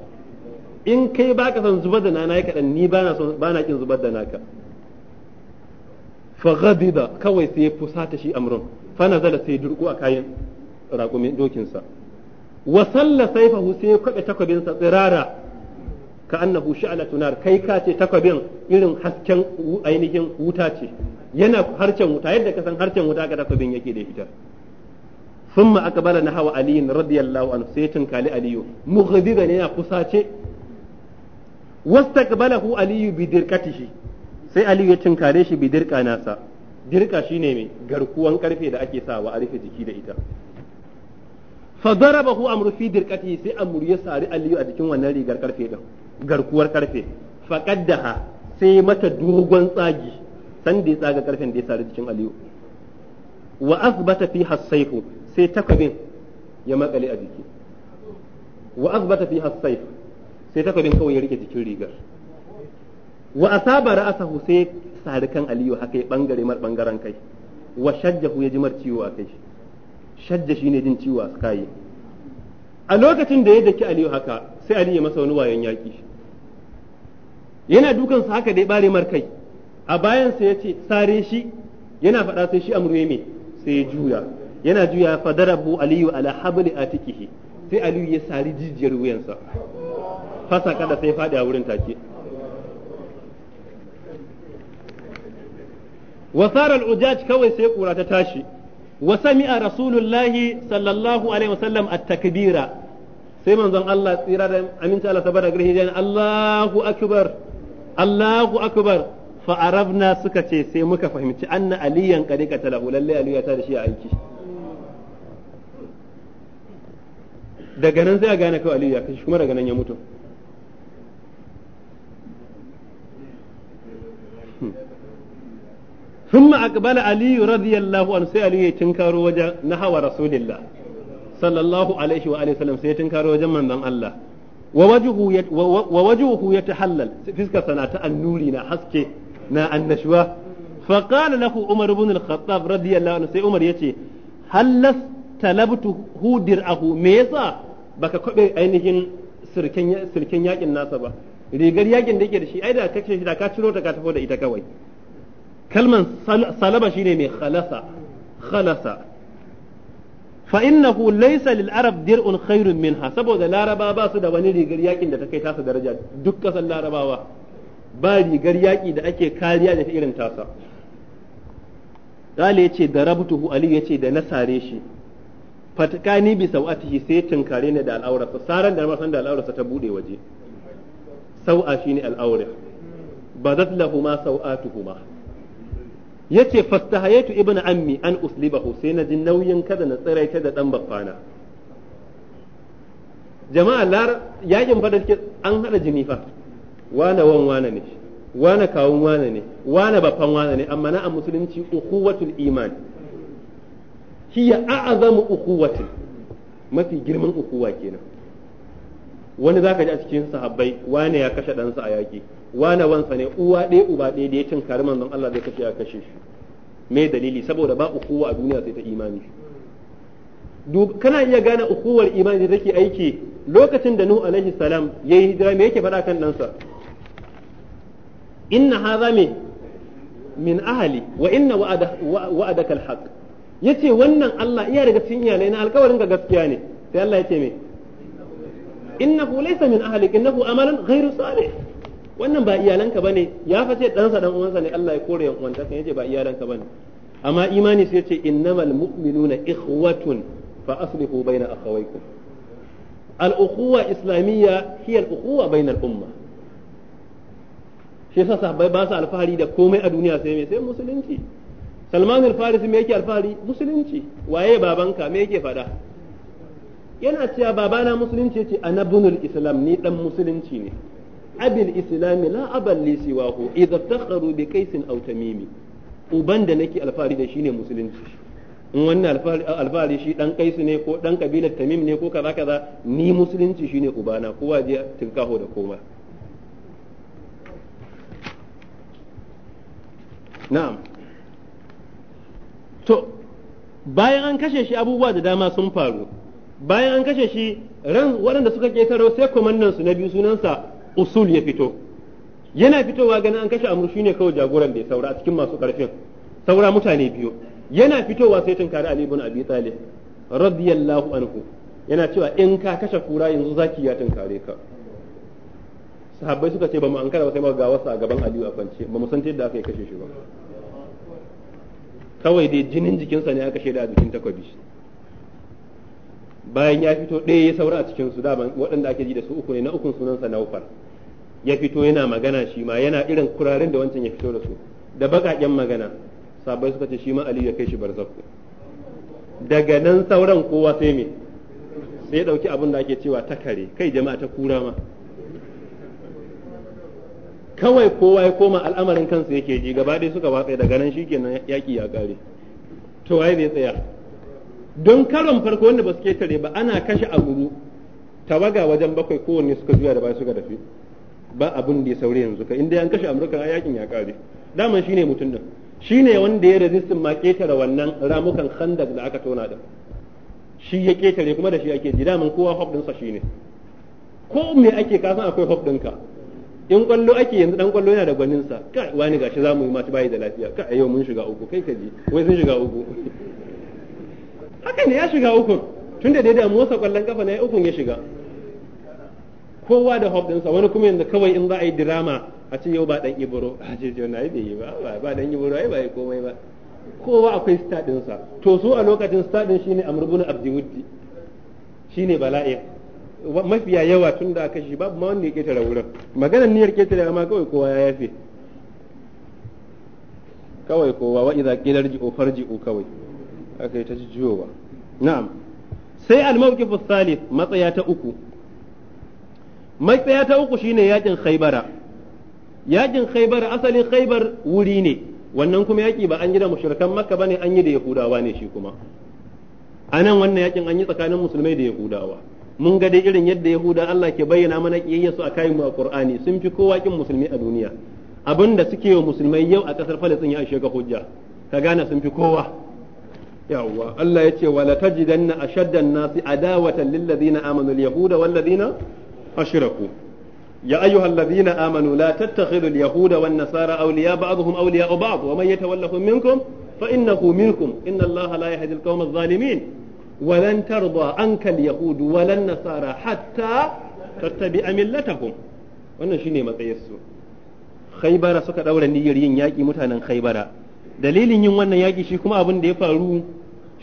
S1: in kai baka son zubar da nana ya kadan ni bana son na kin zubar da naka fa ghadida kawai sai fusata shi amrun fa nazala sai durku a kayan raƙumin dokinsa wa salla saifahu sai ya kwabe takwabin sa tsirara ka annahu sha'ala tunar kai ka ce takwabin irin hasken ainihin wuta ce yana harcen wuta yadda ka san harcen wuta ga takwabin yake da fitar ثم أقبل نحو علي رضي الله عنه سيتن كالي علي مغضبا يا قصاتي aliyu علي بدركته sai Aliyu ya tinkare shi bi dirka nasa dirka shine mai garkuwan karfe da ake sawa a rufe jiki da ita fa darabahu amru fi dirqati sai amru ya sari aliyu a cikin wannan rigar karfe da garkuwar karfe fa qaddaha sai mata dogon tsagi san da ya tsaga karfen da ya sari cikin aliyu wa asbata fi hasayfu sai takabin ya makale a jiki wa asbata fi hasayf sai takabin kawai ya rike jikin rigar wa asaba ra'sahu sai sari kan aliyu haka ya bangare mar bangaren kai wa shajjahu ya jimar ciwo a kai shadda shine jin ciwo a yi a lokacin da ya daki aliyu haka sai aliyu ya masa wani wayan yaki yana dukansa haka da ya bare mar kai a bayansa ya ce sare shi yana faɗa sai shi amru me sai ya juya yana juya fadarabu aliyu ala habli atikihi sai aliyu ya sari jijiyar wuyansa fasa kada sai faɗi a wurin take wasarar ujaj kawai sai kura ta tashi wa sami'a rasulullahi sallallahu alaihi wasallam at-takbira sai manzon Allah tsira da aminta Allah sabara gari yana Allahu akbar Allahu akbar fa arabna suka ce sai muka fahimci anna aliyan qad qatalahu lalle aliya ta da shi a aiki daga nan zai gane kawai aliya kashi kuma daga nan ya mutu ثم أقبل علي رضي الله عنه سألي تنكر وجه نحو رسول الله صلى الله عليه وآله وسلم سيتنكر وجه من دم الله ووجهه ووجهه يتحلل فيسك سنة نا حسكي نا النشوة فقال له عمر بن الخطاب رضي الله عنه سي عمر يتي هل لست لبته درعه ميسا baka kwabe ainihin sirken yakin nasa ba rigar yakin da yake da shi ai da kake shi da ka ciro ta ka tafi da ita kawai kalman salaba shine mai khalasa khalasa fa innahu laysa lil arab dir'un khairun minha saboda laraba ba su da wani rigar yakin da ta kai tasa daraja duk kasan larabawa ba rigar yaki da ake kariya da irin tasa Gali ya ce da rabtuhu Ali ya ce da na sare shi fatkani bi sau'atihi sai tunkare ne da al'aurarsa saran da masan da al'aurarsa ta bude waje sau'a shine al'aurar badat lahuma sau'atuhuma yace fastahayatu ibnu ammi an uslibahu sai na ji nauyin kada na ta da dan baffana jama'a lar yakin fa da an hada jini fa wana wan wana ne wana kawun wana ne wana baffan wana ne amma na a musulunci ukhuwatul iman hiya a'zamu ukhuwatin mafi girman ukuwa kenan wani zaka ji a cikin sahabbai wane ya kashe ɗansa a yaki wane wansa ne uwa ɗaya uba ɗaya da ya kare manzon Allah zai kashe a kashe shi me dalili saboda ba ukuwa a duniya sai ta imani kana iya gane ukuwar imani da take aiki lokacin da Nuhu alaihi salam yayi hijira me yake faɗa kan ɗansa inna hadha me min ahli wa inna wa'adaka alhaq yace wannan Allah iya daga cikin iyalai na alƙawarin ga gaskiya ne sai Allah yace me innahu laysa min ahli innahu amalan ghairu salih wannan ba iyalanka bane ya fa ce ɗansa dan uwansa ne Allah ya kore yan uwanta kan yace ba iyalanka bane amma imani sai ce innamal mu'minuna ikhwatun fa aslihu baina akhawaykum al-ukhuwa islamiyya hiya al-ukhuwa baina al-umma shi yasa sahabbai ba su alfahari da komai a duniya sai me sai musulunci Salman al-Farisi me yake alfahari musulunci waye babanka me yake fada yana cewa babana musulunci yace anabunul islam ni dan musulunci ne abil islam la aban li siwahu idza taqaru bi kaysin aw tamimi uban da nake alfahari da shine musulunci in wannan alfahari shi dan kaisu ne ko dan kabilar tamim ne ko kaza kaza ni musulunci shine ubana kowa je tinkaho da koma na'am to bayan an kashe shi abubuwa da dama sun faru bayan an kashe shi ran waɗanda suka ƙetaro sai kwamandan na biyu sunansa usul ya fito yana fitowa ganin an kashe amur shine kawai jagoran da ya saura a cikin masu karfin saura mutane biyu yana fitowa sai tunkari ali ibn abi talib radiyallahu anhu yana cewa in ka kashe kura yanzu zaki ya tunkare ka sahabbai suka ce ba mu ankara ba sai muka ga wasu a gaban aliyu a kwance ba mu san yadda aka yi kashe shi ba kawai dai jinin jikinsa ne aka shaida a jikin takwabi bayan ya fito ɗaya ya saura a cikin su daban waɗanda ake ji da su uku ne na ukun sunansa naufal ya fito yana magana shi ma yana irin kurarin da wancan ya fito da su da baƙaƙen magana sabai suka ce shi ma aliyu ya kai shi barzakku daga nan sauran kowa sai me sai ya ɗauki abin da ake cewa ta kare kai jama'a ta kura ma kawai kowa ya koma al'amarin kansa yake ji gaba ɗaya suka watsa daga nan shi kenan yaƙi ya ƙare to waye zai tsaya don karon farko wanda ba su ketare ba ana kashe a guru tawaga wajen bakwai kowanne suka juya da su suka tafi ba abin da ya saurin yanzu ka inda ya kashe amurka a yakin ya kare daman shine mutum din shine wanda ya rezistin ma ketare wannan ramukan khandak da aka tona da shi ya ketare kuma da shi ake ji daman kowa hop shi shine ko me ake kasan akwai hop ɗinka in kwallo ake yanzu dan kwallo yana da gwaninsa kai wani gashi zamu yi mace bayi da lafiya kai yau mun shiga uku kai ka ji wai sun shiga uku haka ne ya shiga ukun tun da dai damu wasa kwallon kafa na ya ukun ya shiga kowa da hope dinsa wani kuma yanzu kawai in za a yi drama a ce yau ba dan ibro a ce yau na bai yi ba ba dan ibro ai ba yi komai ba kowa akwai star dinsa to su a lokacin star din shine amr ibn abdiwuddi shine bala'i mafiya yawa tun da aka shi babu ma wanda ya ketare wurin maganar niyyar ketare ma kawai kowa ya yafe kawai kowa wa idza qila rji'u farji'u kawai aka yi ta jiyowa na'am sai al-mawqif thalith matsaya ta uku matsaya ta uku shine yakin khaybara yakin khaybar asalin khaybar wuri ne wannan kuma yaki ba an yi da mushrikan makka bane an yi da yahudawa ne shi kuma anan wannan yakin an yi tsakanin musulmai da yahudawa mun ga dai irin yadda yahuda Allah ke bayyana mana kiyayya su a kayan mu a Qur'ani sun fi kowa kin musulmi a duniya abinda suke wa musulmai yau a kasar Falastin ya ishe ga hujja ka gane sun fi kowa yawwa Allah yace wala tajidanna ashaddan nasi adawatan lil ladina amanu al yahuda wal ladina ashraku ya ayyuhal ladina amanu la tattakhidhu al yahuda wan nasara awliya ba'dhum awliya ba'd wa man yatawallahum minkum fa innahu minkum inna Allah la yahdi al qawma adh-dhalimin ولن ترضى عنك اليهود ولا النصارى حتى tattabi'a millatahum wannan shine matsayinsu khaibara suka ɗaura niyyar yin yaki mutanen khaybara dalilin yin wannan yaƙi shi kuma abin da ya faru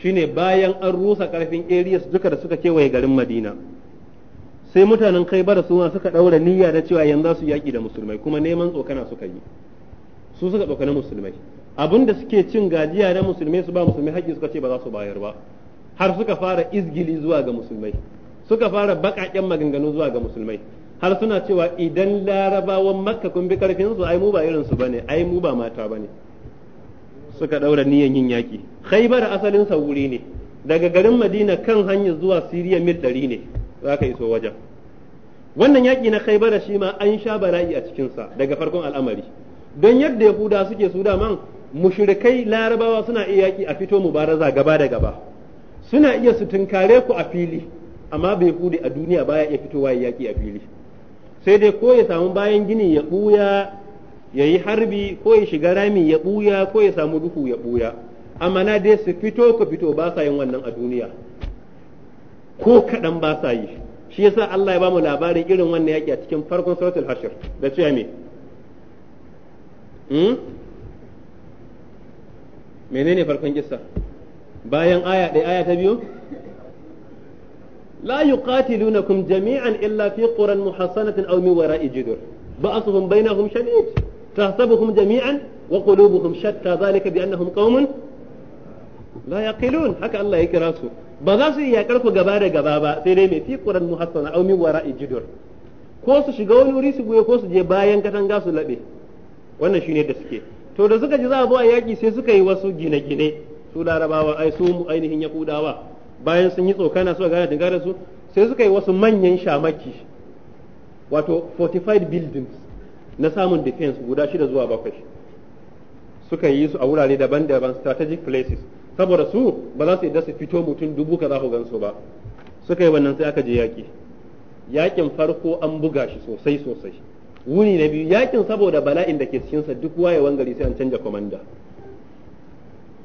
S1: shine bayan an rusa ƙarfin areas duka da suka kewaye garin madina sai mutanen kai khaibar suna suka daura niyya na cewa yanzu za su yaƙi da musulmai kuma neman tsokana suka yi su suka na musulmai abin da suke cin gajiya na musulmai su ba musulmai haƙƙi suka ce ba za su bayar ba har suka fara izgili zuwa ga musulmai suka fara baƙaƙen maganganu zuwa ga musulmai har suna cewa idan larabawan makka kun bi karfin su ai mu ba irin su bane ai mu ba mata bane suka ɗaura niyan yin yaƙi khaibar asalin sa wuri ne daga garin madina kan hanyar zuwa siriya mil ɗari ne za ka iso wajen wannan yaƙi na khaibar shi ma an sha bala'i a cikin sa daga farkon al'amari don yadda yahuda suke su daman mushrikai larabawa suna iya yaƙi a fito mubaraza gaba da gaba suna iya su tunkare ku a fili amma bai hude a duniya baya iya fitowa yaƙi a fili sai dai ko ya samu bayan gini ya ɓuya ya yi harbi ko ya shiga rami ya ɓuya ko ya samu duhu ya ɓuya amma na dai su fito ka fito ba sa yin wannan a duniya ko kaɗan ba sa yi shi yasa Allah ya bamu labarin irin wannan yaƙi a cikin farkon suratul hashir da cewa me hmm? menene farkon kissa bayan aya ɗaya aya ta biyu لا يقاتلونكم جميعا إلا في قرى محصنة أو من وراء جدر بأسهم بينهم شديد تحسبهم جميعا وقلوبهم شتى ذلك بأنهم قوم لا يقلون حكى الله يكراسه بذاس يكرسو غبارة غبابا سيريمي في قرى المحصنة أو من وراء الجدر ko su shiga wani wuri su goye ko su je bayan katanga su laɓe wannan shine da suke to da suka ji za a zo yaƙi sai suka yi wasu gine-gine su larabawa ai su ainihin kudawa bayan sun yi tsokana su a gane da su sai suka yi wasu manyan shamaki wato fortified buildings na samun defense guda shida zuwa bakwai sukan yi su a wurare daban-daban strategic places saboda su ba za su yadda su fito mutum dubu ka za ku su ba suka yi wannan sai aka je yaƙi yaƙin farko an buga shi sosai sosai wuni na biyu yaƙin saboda bala'in da ke cikinsa duk waye wangari sai an canja komanda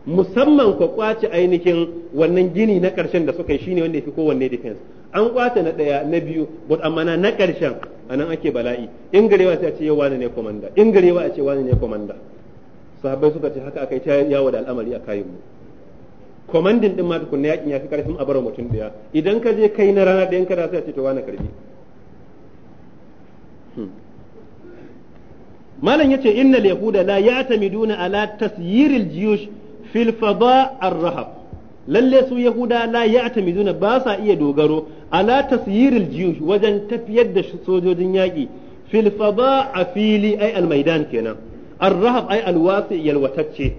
S1: musamman kwa kwace ainihin wannan gini na ƙarshen da suka yi shine wanda ya fi kowanne defense an kwata na daya na biyu but amma na na karshen anan ake bala'i in garewa sai a ce yau wani ne komanda in garewa a ce wani ne komanda sahabbai suka ce haka akai ta yawo da al'amari a kayan mu komandin din ma tukunna yakin ya fi karfin a bar mutum daya idan ka je kai na rana yanka da sai a ce to wani karbi hmm. malam yace innal yahuda la yatamiduna ala tasyiril jiyush fil fada ar-rahab lalle su yahuda la ya'tamiduna ba sa iya dogaro ala tasyiril jiyush wajen tafiyar da sojojin yaƙi fil fada a fili ai al maidan kenan ar-rahab ai al wasi yalwatacce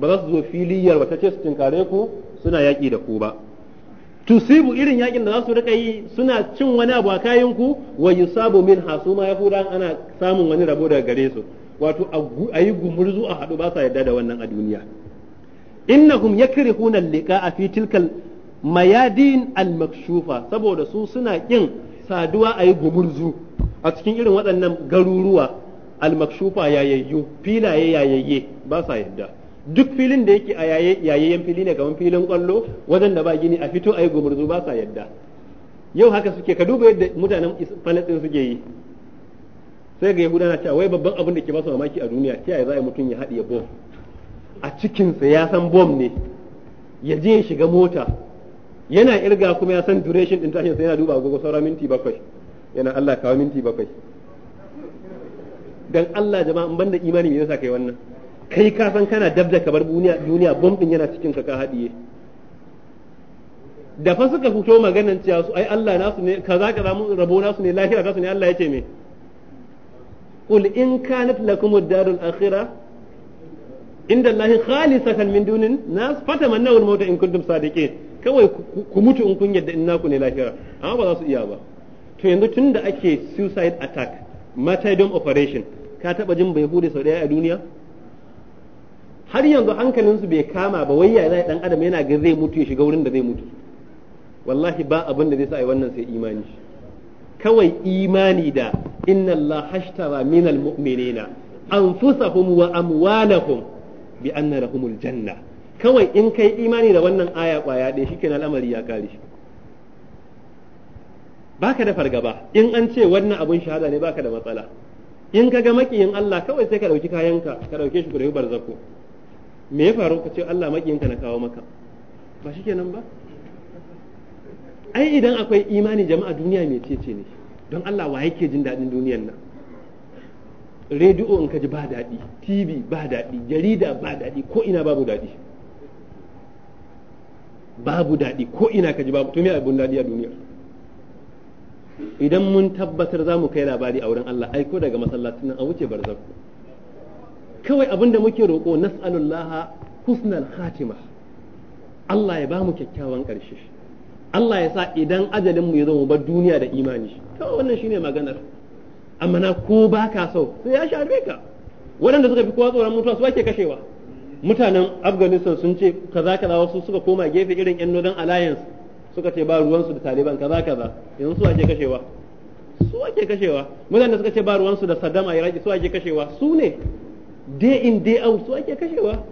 S1: ba za su zo fili yalwatacce su tinkare ku suna yaƙi da ku ba tusibu irin yakin da za su rika yi suna cin wani abu a kayan ku wa min hasuma yahuda ana samun wani rabo daga gare su wato a yi gumurzu a haɗu ba sa yadda da wannan a duniya innahum yakrihuna liqa'a fi tilkal mayadin al-makshufa saboda su suna kin saduwa ayi gumurzu a cikin irin waɗannan garuruwa al-makshufa yayayyu filaye yayayye ba sa yadda duk filin da yake a yayayen fili ne kamar filin kwallo wajen da ba gini a fito ayi gumurzu ba sa yadda yau haka suke ka duba yadda mutanen Palestine suke yi sai ga yahuda na cewa wai babban abin da ke ba su mamaki a duniya kiyaye za a mutum ya haɗiye bom a cikinsa ya san bom ne ya je ya shiga mota yana irga kuma ya san duration din tashin sai yana duba agogo saura minti bakwai yana Allah kawo minti bakwai dan Allah jama'a in banda imani me yasa kai wannan kai ka san kana dabda da kabar duniya duniya bom din yana cikin ka ka hadiye da fa suka fito maganan cewa su ai Allah nasu ne kaza kaza mu rabo nasu ne lahira kasu ne Allah yace me qul in kanat lakumud darul akhirah inda Allahi khalisatan min dunin nas fatamannaw al mauta in kuntum sadiqin kawai ku mutu in kun yadda in naku ne lahira amma ba za su iya ba to yanzu tunda ake suicide attack martyrdom operation ka taba jin bai hude sau daya a duniya har yanzu hankalin su bai kama ba wai yaya zai dan adam yana ga zai mutu ya shiga wurin da zai mutu wallahi ba abin da zai sa ai wannan sai imani kawai imani da inna Allah hashtara minal mu'minina anfusahum wa amwalahum bi anna lahumul janna kawai in kai imani da wannan aya kwaya ɗaya kenan al'amari ya kare shi baka da fargaba in an ce wannan abun shahada ne baka da matsala in ka ga makiyin Allah kawai sai ka dauki kayanka ka dauke shi ku da barzako me ya faru ka ce Allah makiyinka na kawo maka ba shi kenan ba ai idan akwai imani jama'a duniya mai cece ne don Allah wa yake jin daɗin duniyar nan rediyo in kaji ba daɗi tv ba daɗi jarida ba daɗi ko ina babu daɗi babu daɗi ko ina kaji babu to me daɗi a duniya idan mun tabbatar za mu kai labari a wurin Allah aiko daga masallacin nan a wuce barzakku kawai abin da muke roƙo nas'alullah husnal khatima Allah ya ba mu kyakkyawan ƙarshe Allah ya sa idan ajalin mu ya zo mu bar duniya da imani to wannan shine maganar amma na ko ba ka so to ya shafe ka waɗanda suka fi kowa tsoron mutuwa su ake kashewa mutanen afghanistan sun ce kaza kaza wasu suka koma gefe irin yan northern alliance suka ce ba ruwansu da taliban kaza kaza yanzu su ake kashewa su ake kashewa mutanen suka ce ba ruwansu da saddam a iraki su ake kashewa su ne day in day out su ake kashewa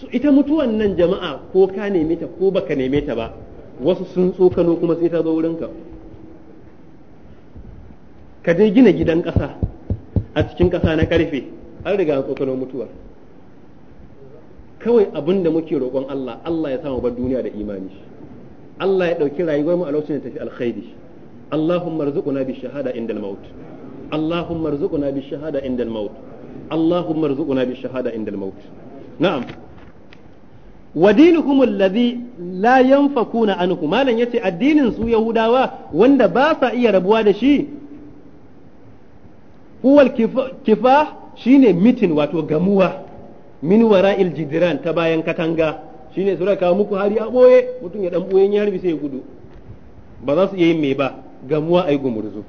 S1: su ita mutuwan nan jama'a ko ka neme ta ko baka neme ta ba wasu sun tsokano kuma sai ta zo wurinka ka dai gina gidan ƙasa a cikin ƙasa na ƙarfe an riga an tsokano mutuwa kawai abin da muke roƙon Allah Allah ya samu bar duniya da imani Allah ya ɗauki rayuwar mu a lokacin da tafi alkhairi Allahumma arzuqna bi shahada indal maut Allahumma arzuqna bi shahada indal maut Allahumma arzuqna bi shahada indal maut na'am ودينهم الذي لا ينفكون عنه مالا يتي الدين سو يهوداوا wanda ba sa iya rabuwa da shi huwal kifa shine mitin wato gamuwa min wara jidiran ta bayan katanga shine sura kawo muku hari a boye mutum ya dan boye ya harbi sai gudu ba za su iya yin mai ba gamuwa ai gumurzu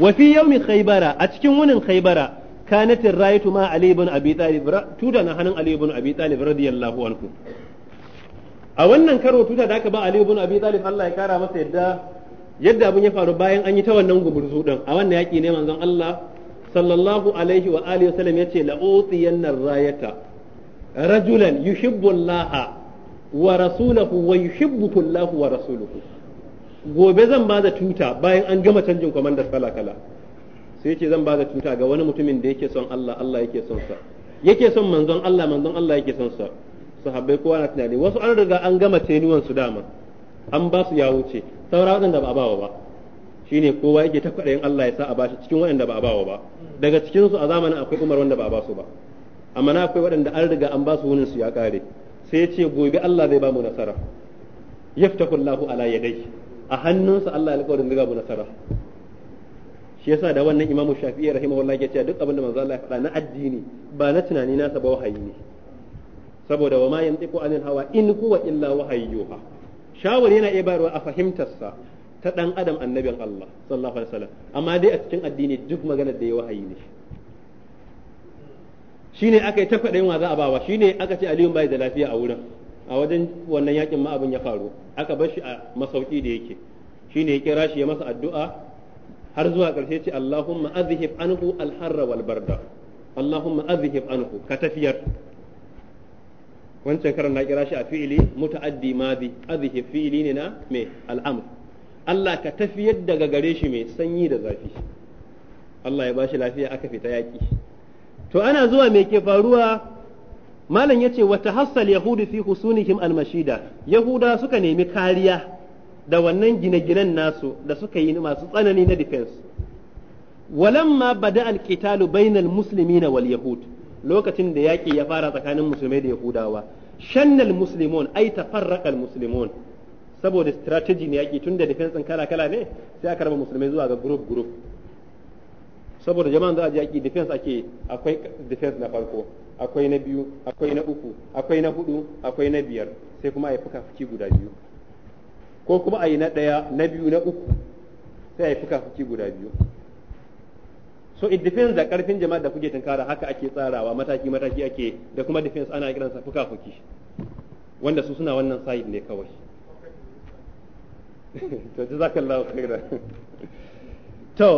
S1: wa fi yawmi khaybara a cikin wunin khaybara كانت الراية مع علي بن أبي طالب تودا na علي بن أبي abi رضي الله a wannan karo tuta da aka ba Ali ibn Abi Talib Allah ya kara masa yadda yadda abin ya faru bayan an yi ta wannan gumurzu din a wannan yaki ne manzon Allah sallallahu alaihi wa alihi wa sallam yace la utiyanna rayata rajulan yuhibbu Allah wa rasulahu wa yuhibbu Allah wa rasuluhu gobe zan bada tuta bayan an gama canjin komandar kala kala sai yace zan bada tuta ga wani mutumin da yake son Allah Allah yake son sa yake son manzon Allah manzon Allah yake son sa sahabbai kowa na tunani wasu an riga an gama tenuwan su dama an ba su ya wuce saura wadanda ba ba ba shine kowa yake ta kwaɗayin Allah ya sa a bashi cikin waɗanda ba a bawa ba daga cikin su a zamanin akwai Umar wanda ba a basu ba amma na akwai waɗanda an riga an basu wurin su ya kare sai ya ce gobe Allah zai ba mu nasara yaftahu Allahu ala yadai a hannunsa Allah alƙawarin zai ba mu nasara shi yasa da wannan Imam Shafi'i rahimahullahi ya ce duk abin da manzo Allah ya faɗa na addini ba na tunani nasa ba wahayi ne saboda wa ma yantiqu anil hawa in huwa illa wahayyuha shawari yana iya bayarwa a fahimtarsa ta dan adam annabin Allah sallallahu alaihi wasallam amma dai a cikin addini duk maganar da ya wahayi ne shine aka yi ta faɗin wa za a bawa shine aka ce Aliyu bai da lafiya a wurin a wajen wannan yakin ma abin ya faru aka bar shi a masauki da yake shine ya kira shi ya masa addu'a har zuwa karshe ce Allahumma azhib anhu al-harra wal barda Allahumma azhib anhu ka tafiyar wancan karan na kira shi a fi'ili muta'addi madi azhib fi'ili ne na me al-amr Allah ka tafiyar daga gare shi mai sanyi da zafi Allah ya bashi lafiya aka fita yaƙi to ana zuwa me ke faruwa malam ya ce wata hassal yahudu fi husunihim almashida yahuda suka nemi kariya da wannan gine-ginen nasu da suka yi masu tsanani na defense walamma bada alƙitalu bainal muslimina wal yahud lokacin da yaƙi ya fara tsakanin musulmai da yahudawa shannal muslimun ai tafarraqa al muslimun saboda strategy ne yaki tunda defense din kala kala ne sai aka raba musulmai zuwa ga group group saboda jama'an za a yaki defense ake akwai defense na farko akwai na biyu akwai na uku akwai na hudu akwai na biyar sai kuma a yi fuka-fuki guda biyu ko kuma a yi na ɗaya na biyu na uku sai a yi fuka-fuki guda biyu so it depends da karfin jama'a da kuke tunkara haka ake tsarawa mataki-mataki ake da kuma defense ana kiransa fuka-fuki wanda su suna wannan side ne kawai to Allah khaira to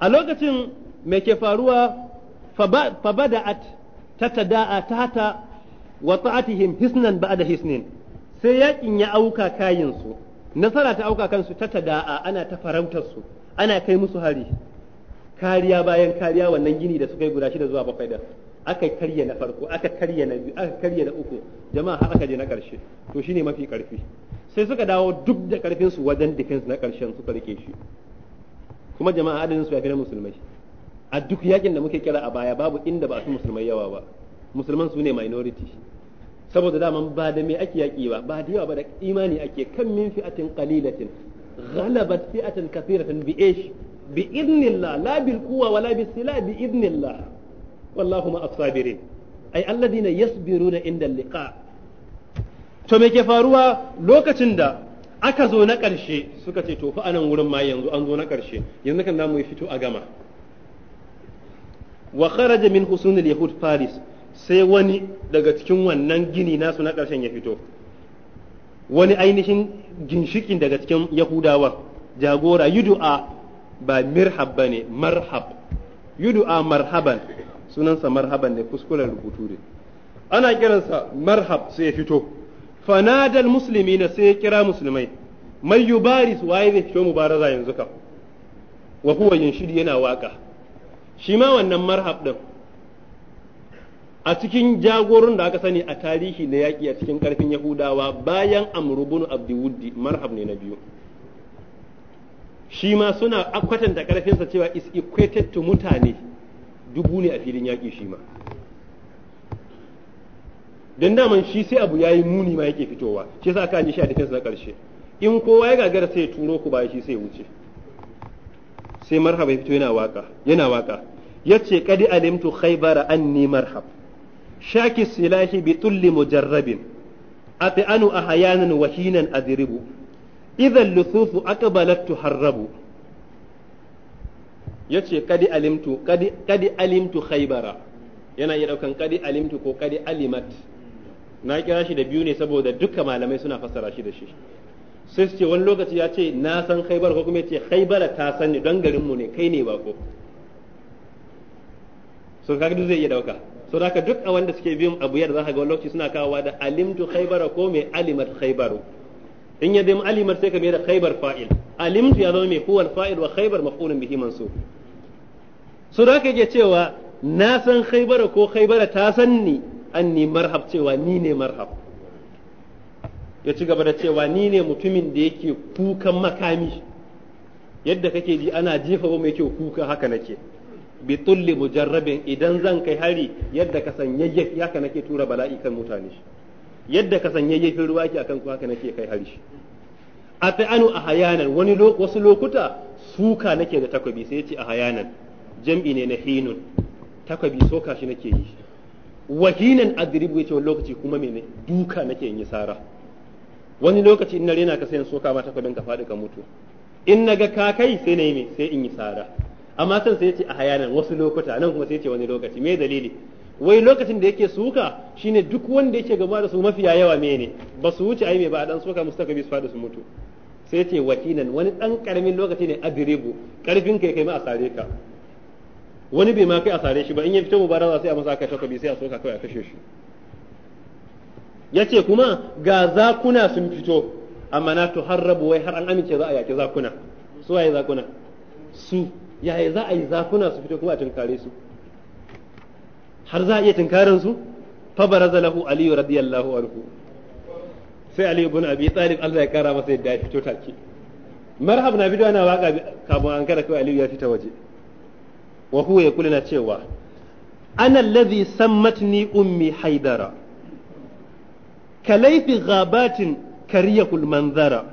S1: a lokacin me ke faruwa fa bada'at tatada'a tahta wa ta'atihim hisnan ba'da hisnin sai yakin ya auka kayin su nasara ta auka kansu tatada'a ana ta farautar su ana kai musu hari kariya bayan kariya wannan gini da suka yi guda shida zuwa bakwai da aka karya na farko aka karya na biyu aka karya na uku jama'a har aka je na karshe to shine mafi karfi sai suka dawo duk da karfin su wajen defense na karshen suka rike shi kuma jama'a adadin su ya fi na musulmai a duk yakin da muke kira a baya babu inda ba su musulmai yawa ba musulman su ne minority saboda daman ba da me ake yaki ba ba da yawa ba da imani ake kan min fi'atin qalilatin ghalabat fi'atan kathiratan bi ish bi idnillah la bil quwwa wala bis sila bi idnillah wallahu ma as-sabirin ay alladhina yasbiruna inda liqa to me ke faruwa lokacin da aka zo na ƙarshe suka ce to anan wurin ma yanzu an zo na ƙarshe yanzu kan mu yi fito a gama wa kharaja min husunil yahud paris sai wani daga cikin wannan gini nasu na ƙarshen ya fito wani ainihin ginshikin daga cikin yahudawa jagora yudu'a ba mirhab bane marhab yudu'a marhaban sunansa marhaban ne kuskuren rubutu ne ana kiransa marhab sai ya fito fanadal na sai ya kira musulmai mai yubaris waye zai fito mubaraza yanzu kam wa huwa yanshid yana waka shi ma wannan marhab din a cikin jagorun da aka sani a tarihi na yaƙi a cikin ƙarfin yahudawa bayan amrubun abdiwuddi marhab ne na biyu shi ma suna akwatanta ƙarfinsa cewa is equated to mutane dubu ne a filin yaƙi shi ma dan daman shi sai abu ya yi muni ma yake fitowa shi yasa aka yi shi a defense na karshe in kowa ya gagara sai ya turo ku ba shi sai wuce sai marhaba ya fito yana waka yana waka ce kadi alimtu khaybara anni marhab shaki silahi bi tulli mujarrabin ati'anu ahyanan wa hinan adribu idha luthufu aqbalat tuharrabu yace kadi alimtu kadi kadi alimtu khaybara yana iya daukan kadi alimtu ko kadi alimat na kira shi da biyu ne saboda duka malamai suna fassara shi da shi sai su ce wani lokaci ya ce na san khaibar ko kuma ya ce khaibara ta san ni don garinmu ne kai ne ko so kaga duk zai iya dauka so da haka duk a wanda suke biyun abu yadda za ka ga wani lokaci suna kawowa da alimtu khaibara ko mai alimat khaibaru in ya zama alimar sai ka mai da khaibar fa'il alimtu ya zama mai huwal fa'il wa khaibar maf'ulun bihi mansub so da haka yake cewa na san khaibara ko khaibara ta san ni ni marhab cewa ni ne marhab ya ci gaba da cewa ni ne mutumin da yake kukan makami yadda kake ji ana jefa ba mai kyau kuka haka nake bi tulli mujarrabin idan zan kai hari yadda ka sanyayye haka nake tura bala'i kan mutane shi yadda ka sanyayye ruwa ki akan ku haka nake kai hari shi a hayanan wani wasu lokuta suka nake da takobi sai ya ce a hayanan jam'i ne na hinun takobi soka shi nake yi wahinan adribu yace wani lokaci kuma mene duka nake yin sara wani lokaci in na rena ka sai in soka mata kudin ka faɗi ka mutu in naga ka kai sai na yi me sai in yi sara amma san sai ce a hayanan wasu lokuta nan kuma sai ce wani lokaci me dalili wai lokacin da yake suka shine duk wanda yake gaba da su mafiya yawa mene ba su wuce ai me ba a dan ka bi su faɗi su mutu sai ce wahinan wani dan karamin lokaci ne adribu karfin kai kai ma a sare ka wani bai ma kai a sare shi ba in ya fito su sai a masa aka takobi sai a soka kawai a kashe shi yace kuma ga zakuna sun fito amma na to rabu wai har an amince za a yaki zakuna su waye zakuna su yaya za a yi zakuna su fito kuma a tunkare su har za a iya tunkaran su fa baraza lahu aliyu radiyallahu anhu sai ali ibn abi talib Allah ya kara masa yadda ya fito take marhab na bidiyo ana waka kafin an kada kai aliyu ya fita waje wa huwa ya kulina cewa ana allazi sammatni ummi haidara gabatin ghabatin kariyakul manzara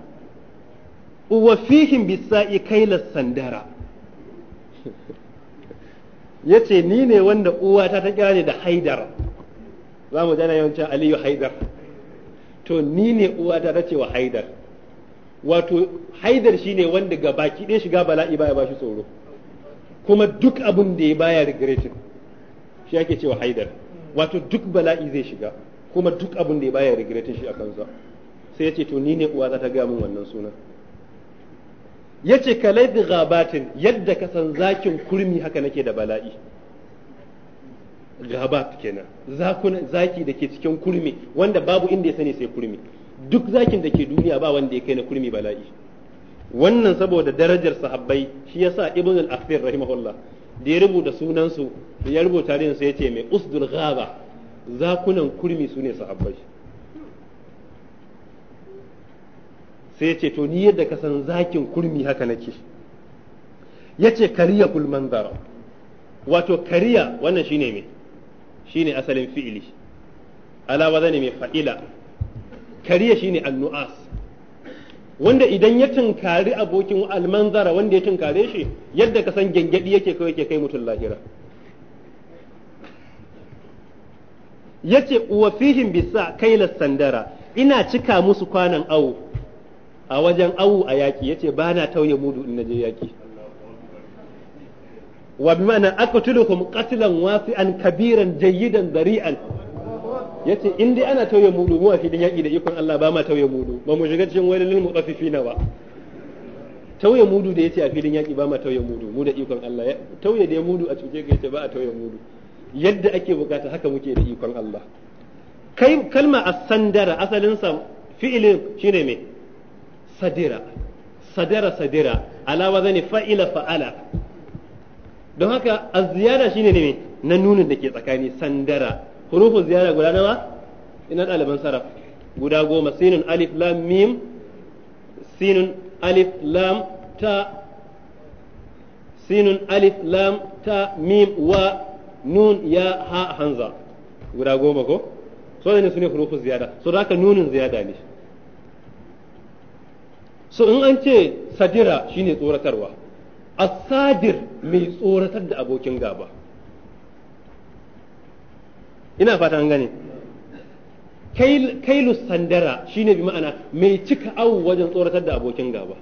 S1: fihin bisa'i kailas sandara yace ni ne wanda uwata ta kira ni da haidara za mu jana yawancin aliyu haidar to ni ne uwata ta ce wa haidar wato haidar shine wanda ga baki ɗaya shiga bala'i baya ba shi tsoro kuma duk abin da ya baya regretin shi ake cewa haidar wato duk bala'i zai shiga kuma duk abin da ya baya regretin shi a kansa sai ya ce to ni ne uwa za ta gaya min wannan suna ya ce kalai da gabatin yadda ka san zakin kurmi haka nake da bala'i gabat kenan zaki da ke cikin kurmi wanda babu inda ya sani sai kurmi duk zakin da ke duniya ba wanda ya kai na kurmi bala'i wannan saboda darajar sahabbai shi yasa ibn al-akhir rahimahullah da ya rubuta sunan su ya rubuta tarihin sai yace mai usdul ghaba zakunan kurmi sune sahabbai sai yace to ni yadda ka san zakin kurmi haka nake yace kariya kul manzara wato kariya wannan shine me shine asalin fi'ili ala wazani mai fa'ila kariya shine annu'as wanda idan ya tunkari abokin almanzara wanda ya tunkare shi yadda ka san gengedi yake kawai ke kai mutum lahira Ya ce uwa fihin bisa kailas sandara ina cika musu kwanan awu a wajen awu a yaki yace ba na tauye mudu in je yaki wa bi ma'ana katilan wasu wasi'an kabiran jayyidan dari'an yace in dai ana tauye mudu mu a filin yaki da ikon Allah ba ma tauye mudu ba mu shiga cikin wailul mutaffifina ba tauye mudu da yace a filin yaki ba ma tauye mudu mu da ikon Allah tauye da mudu a cuce ga yace ba a tauye mudu yadda ake bukata haka muke da ikon Allah kai kalma as-sandara asalin sa fi'ilin shine me sadira sadara sadira ala wazani fa'ila fa'ala don haka az-ziyada shine ne na nunin da ke tsakani sandara hurufun ziyara guda nawa ina ɗaliban sarraf guda goma sinin alif lam mim sinin alif lam ta sinin alif lam ta mim wa nun ya ha hanza guda goma ko so ne su ne hurufun ziyara so da haka nunin ziyada ne so in an ce sadira shine tsoratarwa asadir mai tsoratar da abokin gaba ina fata an gane kailu sandara shine bi ma'ana mai cika awu wajen tsoratar da abokin gaba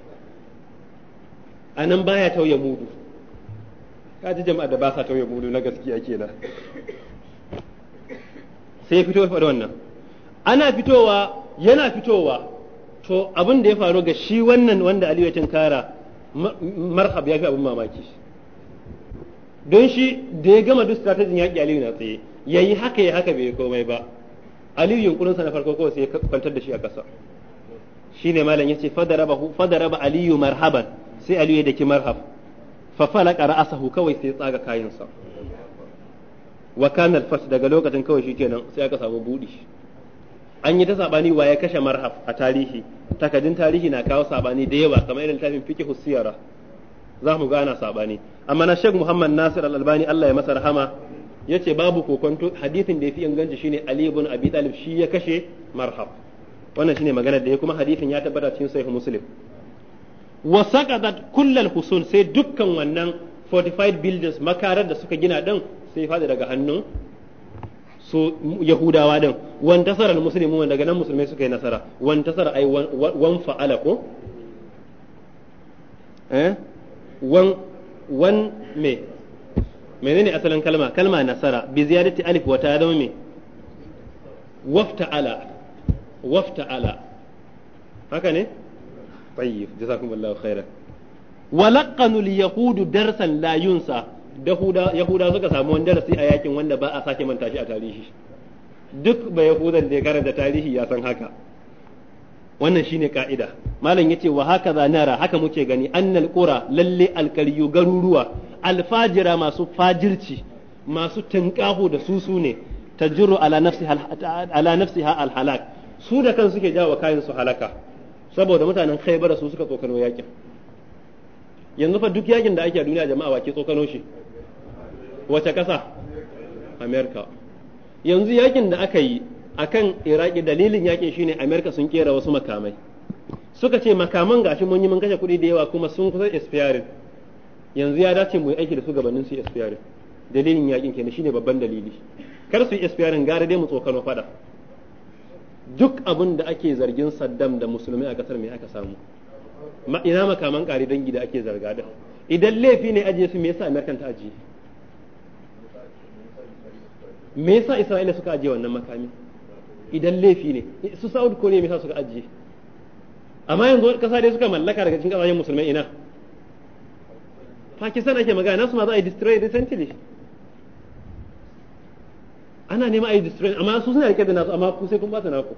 S1: a nan baya tauye mudu ka ji jama'a da ba sa tauye mudu na gaskiya kenan sai fito ya faɗi wannan ana fitowa yana fitowa to abin da ya faru ga shi wannan wanda aliyu ya tinkara marhab ya fi abin mamaki don shi da ya gama duk strategin yaƙi aliyu na tsaye yayi haka ya haka bai komai ba aliyu yunkurin sa na farko kawai sai ya kwantar da shi a ƙasa shine malam yace fadaraba fadaraba aliyu marhaban sai aliyu ya daki marhab fa falaka ra'asahu kawai sai ya tsaga kayansa wa kana alfas daga lokacin kawai shikenan sai aka samu budi an yi ta sabani wa ya kashe marhab a tarihi takardun tarihi na kawo sabani da yawa kamar irin tafin fiqh siyara za mu gana sabani amma na Sheikh Muhammad Nasir Al-Albani Allah ya masa rahama yace babu kokonto hadisin da yafi inganci shine Ali ibn Abi Talib shi ya kashe Marhab wannan shine maganar da ya kuma hadisin ya tabbata cikin sahih Muslim wa saqadat kullal husun sai dukkan wannan fortified buildings makarar da suka gina din sai fadi daga hannun su Yahudawa din wan tasara muslimu daga nan musulmai suka yi nasara wan tasara ai wan fa'ala ko eh wan wan me menene asalin kalma kalma nasara bi ziyadati alif wa ta zama me wafta ala haka ne tayyib jazakumullahu wa laqanu li yahudu darsan la yunsa yahuda suka samu wani darasi a yakin wanda ba a sake manta a tarihi duk ba yahudan da ya karanta tarihi ya san haka wannan shine ka'ida malam yace wa haka za nara haka muke gani annal qura lalle alkaryu garuruwa alfajira masu fajirci masu tinkaho da susu ne tajiru ala nafsi ala ha alhalak su da kan suke jawo kayan su halaka saboda mutanen khaybar su suka tsokano yakin yanzu fa duk yakin da ake a duniya jama'a wake tsokano shi wace kasa america yanzu yakin da aka yi akan iraki dalilin yakin shine america sun kera wasu makamai suka ce makaman gashi mun yi mun kashe kuɗi da yawa kuma sun kusa expiring yanzu ya dace mu yi aiki da su gabanin su expiring dalilin yakin kenan shine babban dalili kar su yi expiring gara dai mu tsokano fada duk abin da ake zargin Saddam da musulmi a kasar me aka samu ma ina makaman kare dangi da ake zarga da idan laifi ne ajiye su me yasa america ta ajiye me yasa Isra'ila suka ajiye wannan makami idan laifi ne su Saud ko ne misa suka ajiye amma yanzu kasa dai suka mallaka daga cikin kasashen musulmai ina Pakistan ake magana nasu ma za a yi destroy recently ana nema a yi destroy amma su suna rike da nasu amma ku sai kun bata naku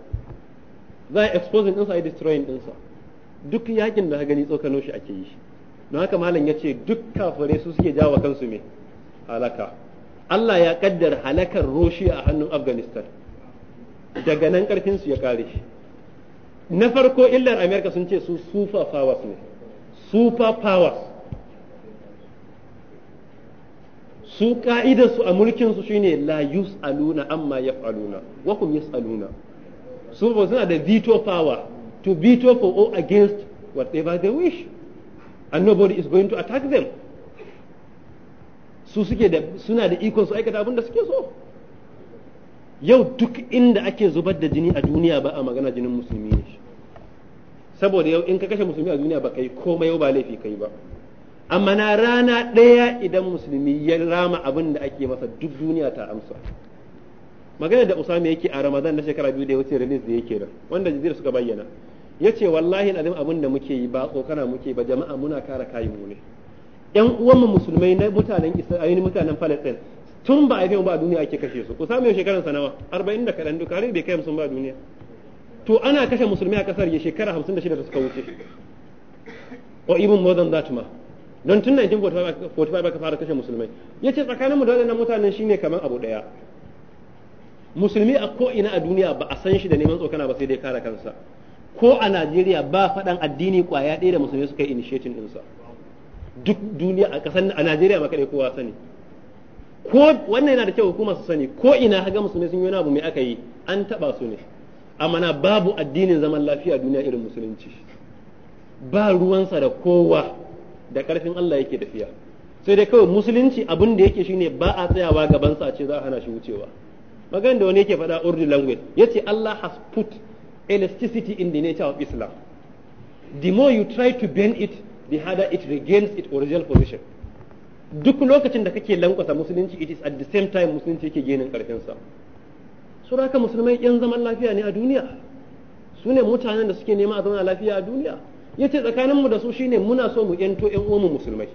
S1: za a expose din su a yi destroy din sa duk yakin da gani tsokano shi ake yi don haka malam ya ce duk kafare su suke jawo kansu me halaka Allah ya kaddar halakar roshi a hannun Afghanistan daga nan karfin su ya kare shi na farko illar america sun ce su super powers ne super powers su ka'idarsu a mulkinsu shine la yus'aluna amma yaf'aluna wa hum yus'aluna su ba suna da veto power to veto for or against whatever they wish and nobody is going to attack them su suke da suna da ikon su aikata abin da suke so yau duk inda ake zubar da jini a duniya ba a magana jinin musulmi ne saboda yau in ka kashe musulmi a duniya ba kai komai ba laifi kai ba amma na rana ɗaya idan musulmi ya rama abin da ake masa duk duniya ta amsa magana da usama yake a ramadan na shekara biyu da ya wuce release da yake da wanda jizira suka bayyana ya ce wallahi alim abin da muke yi ba tsokana muke ba jama'a muna kara kayi mu ne yan uwanmu musulmai na mutanen isra'ila mutanen palestine tun ba a yi ba a duniya ake kashe su ku samu yau shekaran sa arba'in da kaɗan duka bai kai hamsin ba a duniya to ana kashe musulmi a kasar ya shekara hamsin da shida da suka wuce o even more than that ma don tun 1945 aka fara kashe musulmai ya ce tsakaninmu da waɗannan mutanen shine kamar abu ɗaya musulmi a ko ina a duniya ba a san shi da neman tsokana ba sai dai kare kansa ko a najeriya ba faɗan addini kwaya ɗaya da musulmi suka yi initiating ɗinsa duk duniya a ƙasar a najeriya ma kaɗai kowa sani ko wannan yana da kyau hukuma su sani ko ina ga musulmi sun yi abu mai aka yi an taba su ne amana babu addinin zaman lafiya duniya irin musulunci ba ruwansa da kowa da karfin Allah yake tafiya sai dai kawai musulunci abin da yake shine ba a tsayawa gaban sa ce za a hana shi wucewa magan da wani yake faɗa urdu language yace Allah has put elasticity in the nature of Islam the more you try to bend it the harder it regains its original position duk lokacin da kake lankwasa musulunci it is at the same time musulunci yake genin karfin sa suraka musulmai yan zaman lafiya ne a duniya su ne mutanen da suke nema a zaman lafiya a duniya yace tsakanin mu da su shine muna so mu yanto yan mu musulmai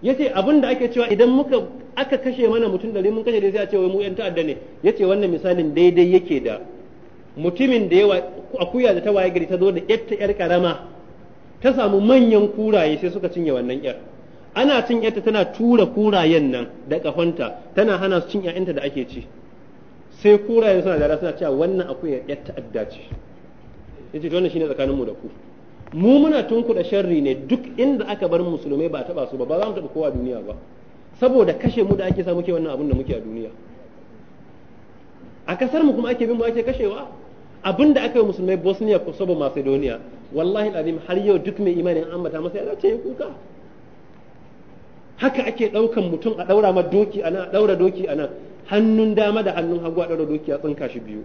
S1: yace abin da ake cewa idan muka aka kashe mana mutum da mun kashe dai sai a ce wai mu yan ta'adda ne yace wannan misalin daidai yake da mutumin da yawa akuya da ta waye gari ta zo da yatta yar karama ta samu manyan kuraye sai suka cinye wannan yar ana cin yarta tana tura kurayen nan da kafanta tana hana su cin ƴaƴanta da ake ci sai kurayen suna da suna cewa wannan akwai ya ta'adda ce yace to wannan shine tsakanin mu da ku mu muna da sharri ne duk inda aka bar musulmai ba taɓa su ba ba za mu taɓa kowa duniya ba saboda kashe mu da ake sa muke wannan abin da muke a duniya a kasar mu kuma ake bin mu ake kashewa abin da aka yi musulmai Bosnia Kosovo Macedonia wallahi alazim har yau duk mai imanin ambata masa ya ce kuka haka ake ɗaukan mutum a ɗaura ma doki a a ɗaura doki a nan hannun dama da hannun hagu a ɗaura doki a tsinka shi biyu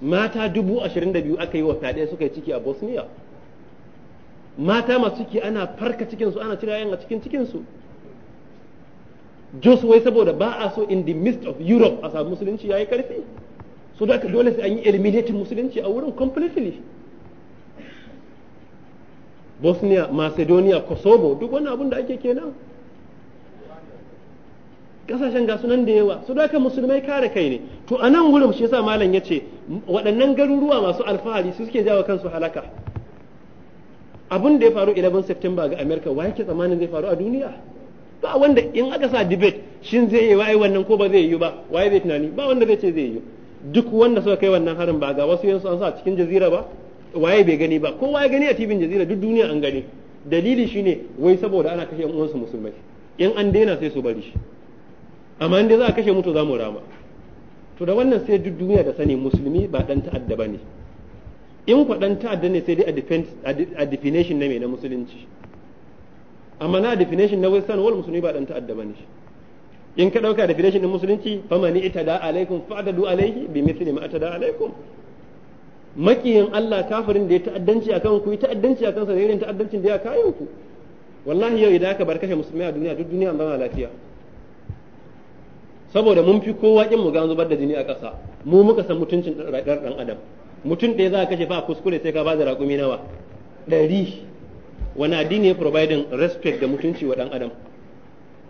S1: mata dubu ashirin da biyu aka yi wa fyaɗe suka yi ciki a bosnia mata masu ciki ana farka cikinsu ana cire yan a cikin cikinsu jos wai saboda ba a so in the midst of europe a samu musulunci ya yi ƙarfi so da dole sai an yi eliminating musulunci a wurin completely bosnia macedonia kosovo duk wani abun da ake kenan kasashen ga sunan da yawa su haka musulmai kare kai ne to a nan wurin shi yasa malam ya ce waɗannan garuruwa masu alfahari su suke jawo kansu halaka abun da ya faru 11 september ga america wa yake tsammanin zai faru a duniya ba wanda in aka sa debate shin zai yi wai wannan ko ba zai yi ba waye zai tunani ba wanda zai ce zai yi duk wanda suka kai wannan harin ba ga wasu yansu an sa cikin jazira ba waye bai gani ba kowa ya gani a tibin jazira duk duniya an gani dalili shine wai saboda ana kashe yan uwansu musulmai in an daina sai su bari shi amma inda za a kashe mutu za mu rama to da wannan sai duk duniya da sani musulmi ba dan ta'adda bane in ku dan ta'adda ne sai dai a definition na mai na musulunci amma na definition na western world musulmi ba dan ta'adda bane shi in ka dauka definition din musulunci mani itada alaikum fa'adadu alaihi bi mithli ma atada alaikum makiyin Allah kafirin da ya ta'addanci a kan ku ta'addanci a kansa da irin ta'addancin da ya kayan ku wallahi yau idan aka bar kashe musulmai a duniya duk duniya zama lafiya saboda mun fi kowa kin mu ga zubar da jini a ƙasa mu muka san mutuncin ɗan adam mutum ɗaya za a kashe fa kuskure sai ka ba da raƙumi nawa ɗari wani addini ya providing respect da mutunci wa ɗan adam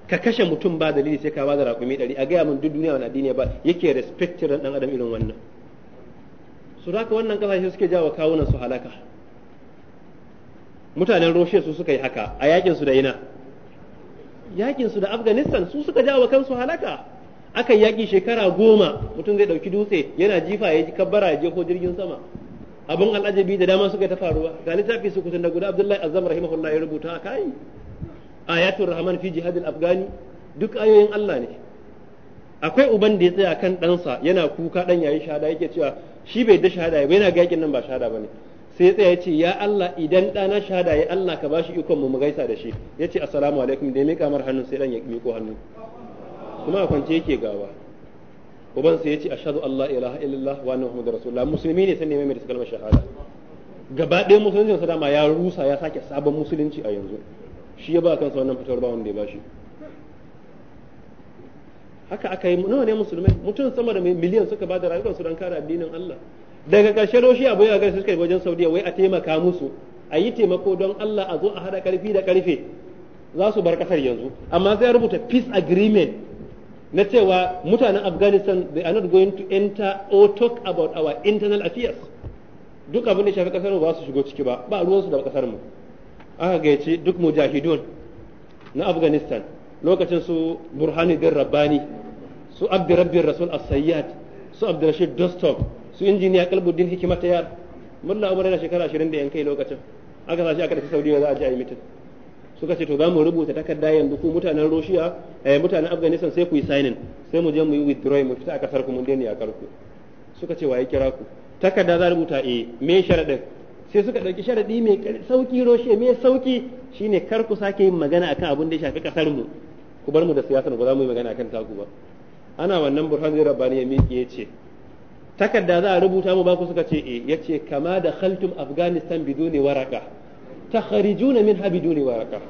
S1: ka kashe mutum ba dalili sai ka ba da raƙumi ɗari a gaya min duk duniya wani addini ya ba yake respecting ɗan adam irin wannan su haka wannan kasashe suke jawo kawunan su halaka mutanen roshe su suka yi haka a yakin su da ina yakin su da afghanistan su suka jawo kansu halaka akan yaki shekara goma mutum zai dauki dutse yana jifa ya ji kabbara ya je ko jirgin sama abin al'ajabi da dama suka ta faruwa ga littafi su kusan da guda abdullahi azam rahimahullah ya rubuta a kai ayatul rahman fi jihadil afghani duk ayoyin allah ne akwai uban da ya tsaya kan dansa yana kuka dan yayi shahada yake cewa shi bai da shahada ya yana gaƙin nan ba shahada bane sai ya tsaya ya ce ya Allah idan ɗana shahada ya Allah ka bashi ikon mu mu gaisa da shi ya ce assalamu alaikum da ya miƙa mar hannu sai ɗan ya miƙo hannu kuma a kwance yake gawa uban sai ya ce ashhadu Allah ilaha illallah wa anna muhammadar rasulullah musulmi ne sanne mai mai kalmar shahada gaba ɗaya musuluncin da dama ya rusa ya sake sabon musulunci a yanzu shi ya ba kansa wannan fitar ba wanda ya bashi haka aka yi nawa ne musulmai mutum sama da miliyan suka ba bada rayukansu don kare addinin Allah daga ƙarshe roshi abu ya gari suka yi wajen Saudiya wai a taimaka musu a yi taimako don Allah a zo a hada karfi da karfe za su bar kasar yanzu amma sai rubuta peace agreement na cewa mutanen Afghanistan they are not going to enter or talk about our internal affairs duk abin da shafi kasar mu ba su shigo ciki ba ba ruwansu da kasar mu aka gaici duk mujahidun na Afghanistan lokacin su burhani din rabbani su abdi rabbin rasul as-sayyad su abdi rashid dostop su injiniya kalbuddin hikimata yar mulla umar yana shekara 20 da yankai kai lokacin aka sashi aka tafi saudi za a ji a yi mitin suka ce to za mu rubuta takarda yanzu ku mutanen Roshiya eh mutanen afghanistan sai ku yi signing sai mu je mu yi withdraw mu fita a kasar ku mun daina yakar ku suka ce waye kira ku takarda za rubuta eh me sharadin sai suka ɗauki sharaɗi mai sauki roshe mai sauki shine kar ku sake yin magana akan abin da ya shafi kasar mu ku bar mu da siyasar ba za mu yi magana kan taku ba ana wannan burhan zai rabbani ya miƙe ya ce takarda za a rubuta mu ba ku suka ce eh ya ce kama da khaltum afghanistan biduni waraka ta min ha biduni waraka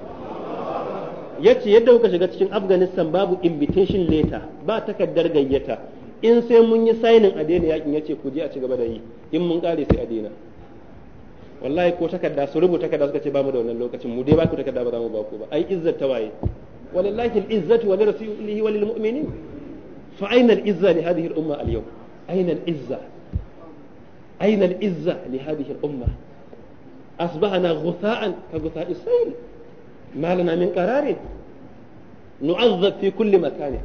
S1: ya ce yadda kuka shiga cikin afghanistan babu invitation letter ba takardar gayyata in sai mun yi sainin a daina yakin ya ce ku je a ci gaba da yi in mun kare sai a daina wallahi ko takarda su rubuta takarda suka ce ba mu da wannan lokacin mu dai ba ku takarda ba za mu ba ku ba ai izzar ta waye ولله العزة ولرسوله وللمؤمنين فأين العزة لهذه الأمة اليوم أين العزة أين العزة لهذه الأمة أصبحنا غثاء كغثاء السيل ما لنا من قرار نعذب في كل مكان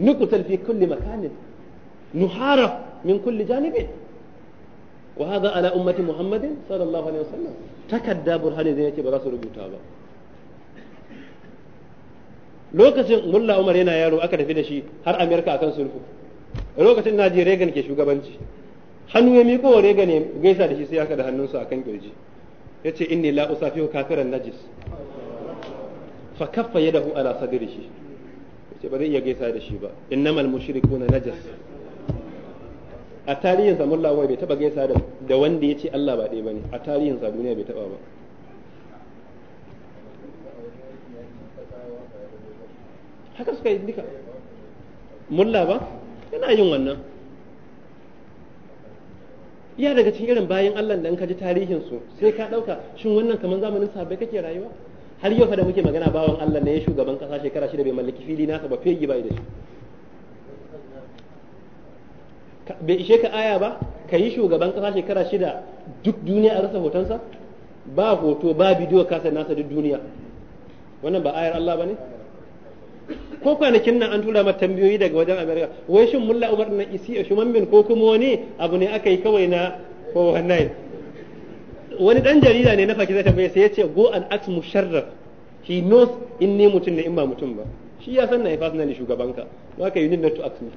S1: نقتل في كل مكان نحارب من كل جانب وهذا على أمة محمد صلى الله عليه وسلم تكدى برهان ذي برسول الله lokacin mulla umar yana yaro aka tafi da shi har amerika akan sulhu lokacin na je regan ke shugabanci hannu ya miko wa regan ya gaisa da shi sai aka da hannunsa akan kirji yace inni la usafihu kafiran najis fa kaffa yadahu ala sadrihi yace ba zai iya gaisa da shi ba innamal mushrikuna najas a tarihin sa mulla umar bai taba gaisa da wanda yace Allah ba ɗaya bane a tarihin sa duniya bai taba ba haka suka yi duka mulla ba yana yin wannan iya daga cikin irin bayan Allah da ka ji tarihin su sai ka dauka shin wannan kamar zamanin sabai kake rayuwa har yau fa da muke magana bawan Allah ne ya shugaban kasa shekara shida bai mallaki fili nasa ba fegi bai da shi bai ishe ka aya ba ka yi shugaban kasa shekara shida duk duniya a rasa hotonsa ba hoto ba bidiyo kasa nasa duk duniya wannan ba ayar Allah ba ne ko kwanakin nan an tura mata tambayoyi daga wajen amerika wai shin mulla umar na isi a shuman min ko kuma wani abu ne aka yi kawai na ko wannan wani dan jarida ne na pakistan tambaye sai ya ce go and ask musharraf he knows in ne mutum ne in ba mutum ba shi ya san na yi fasna ne shugabanka don haka yi need not to ask me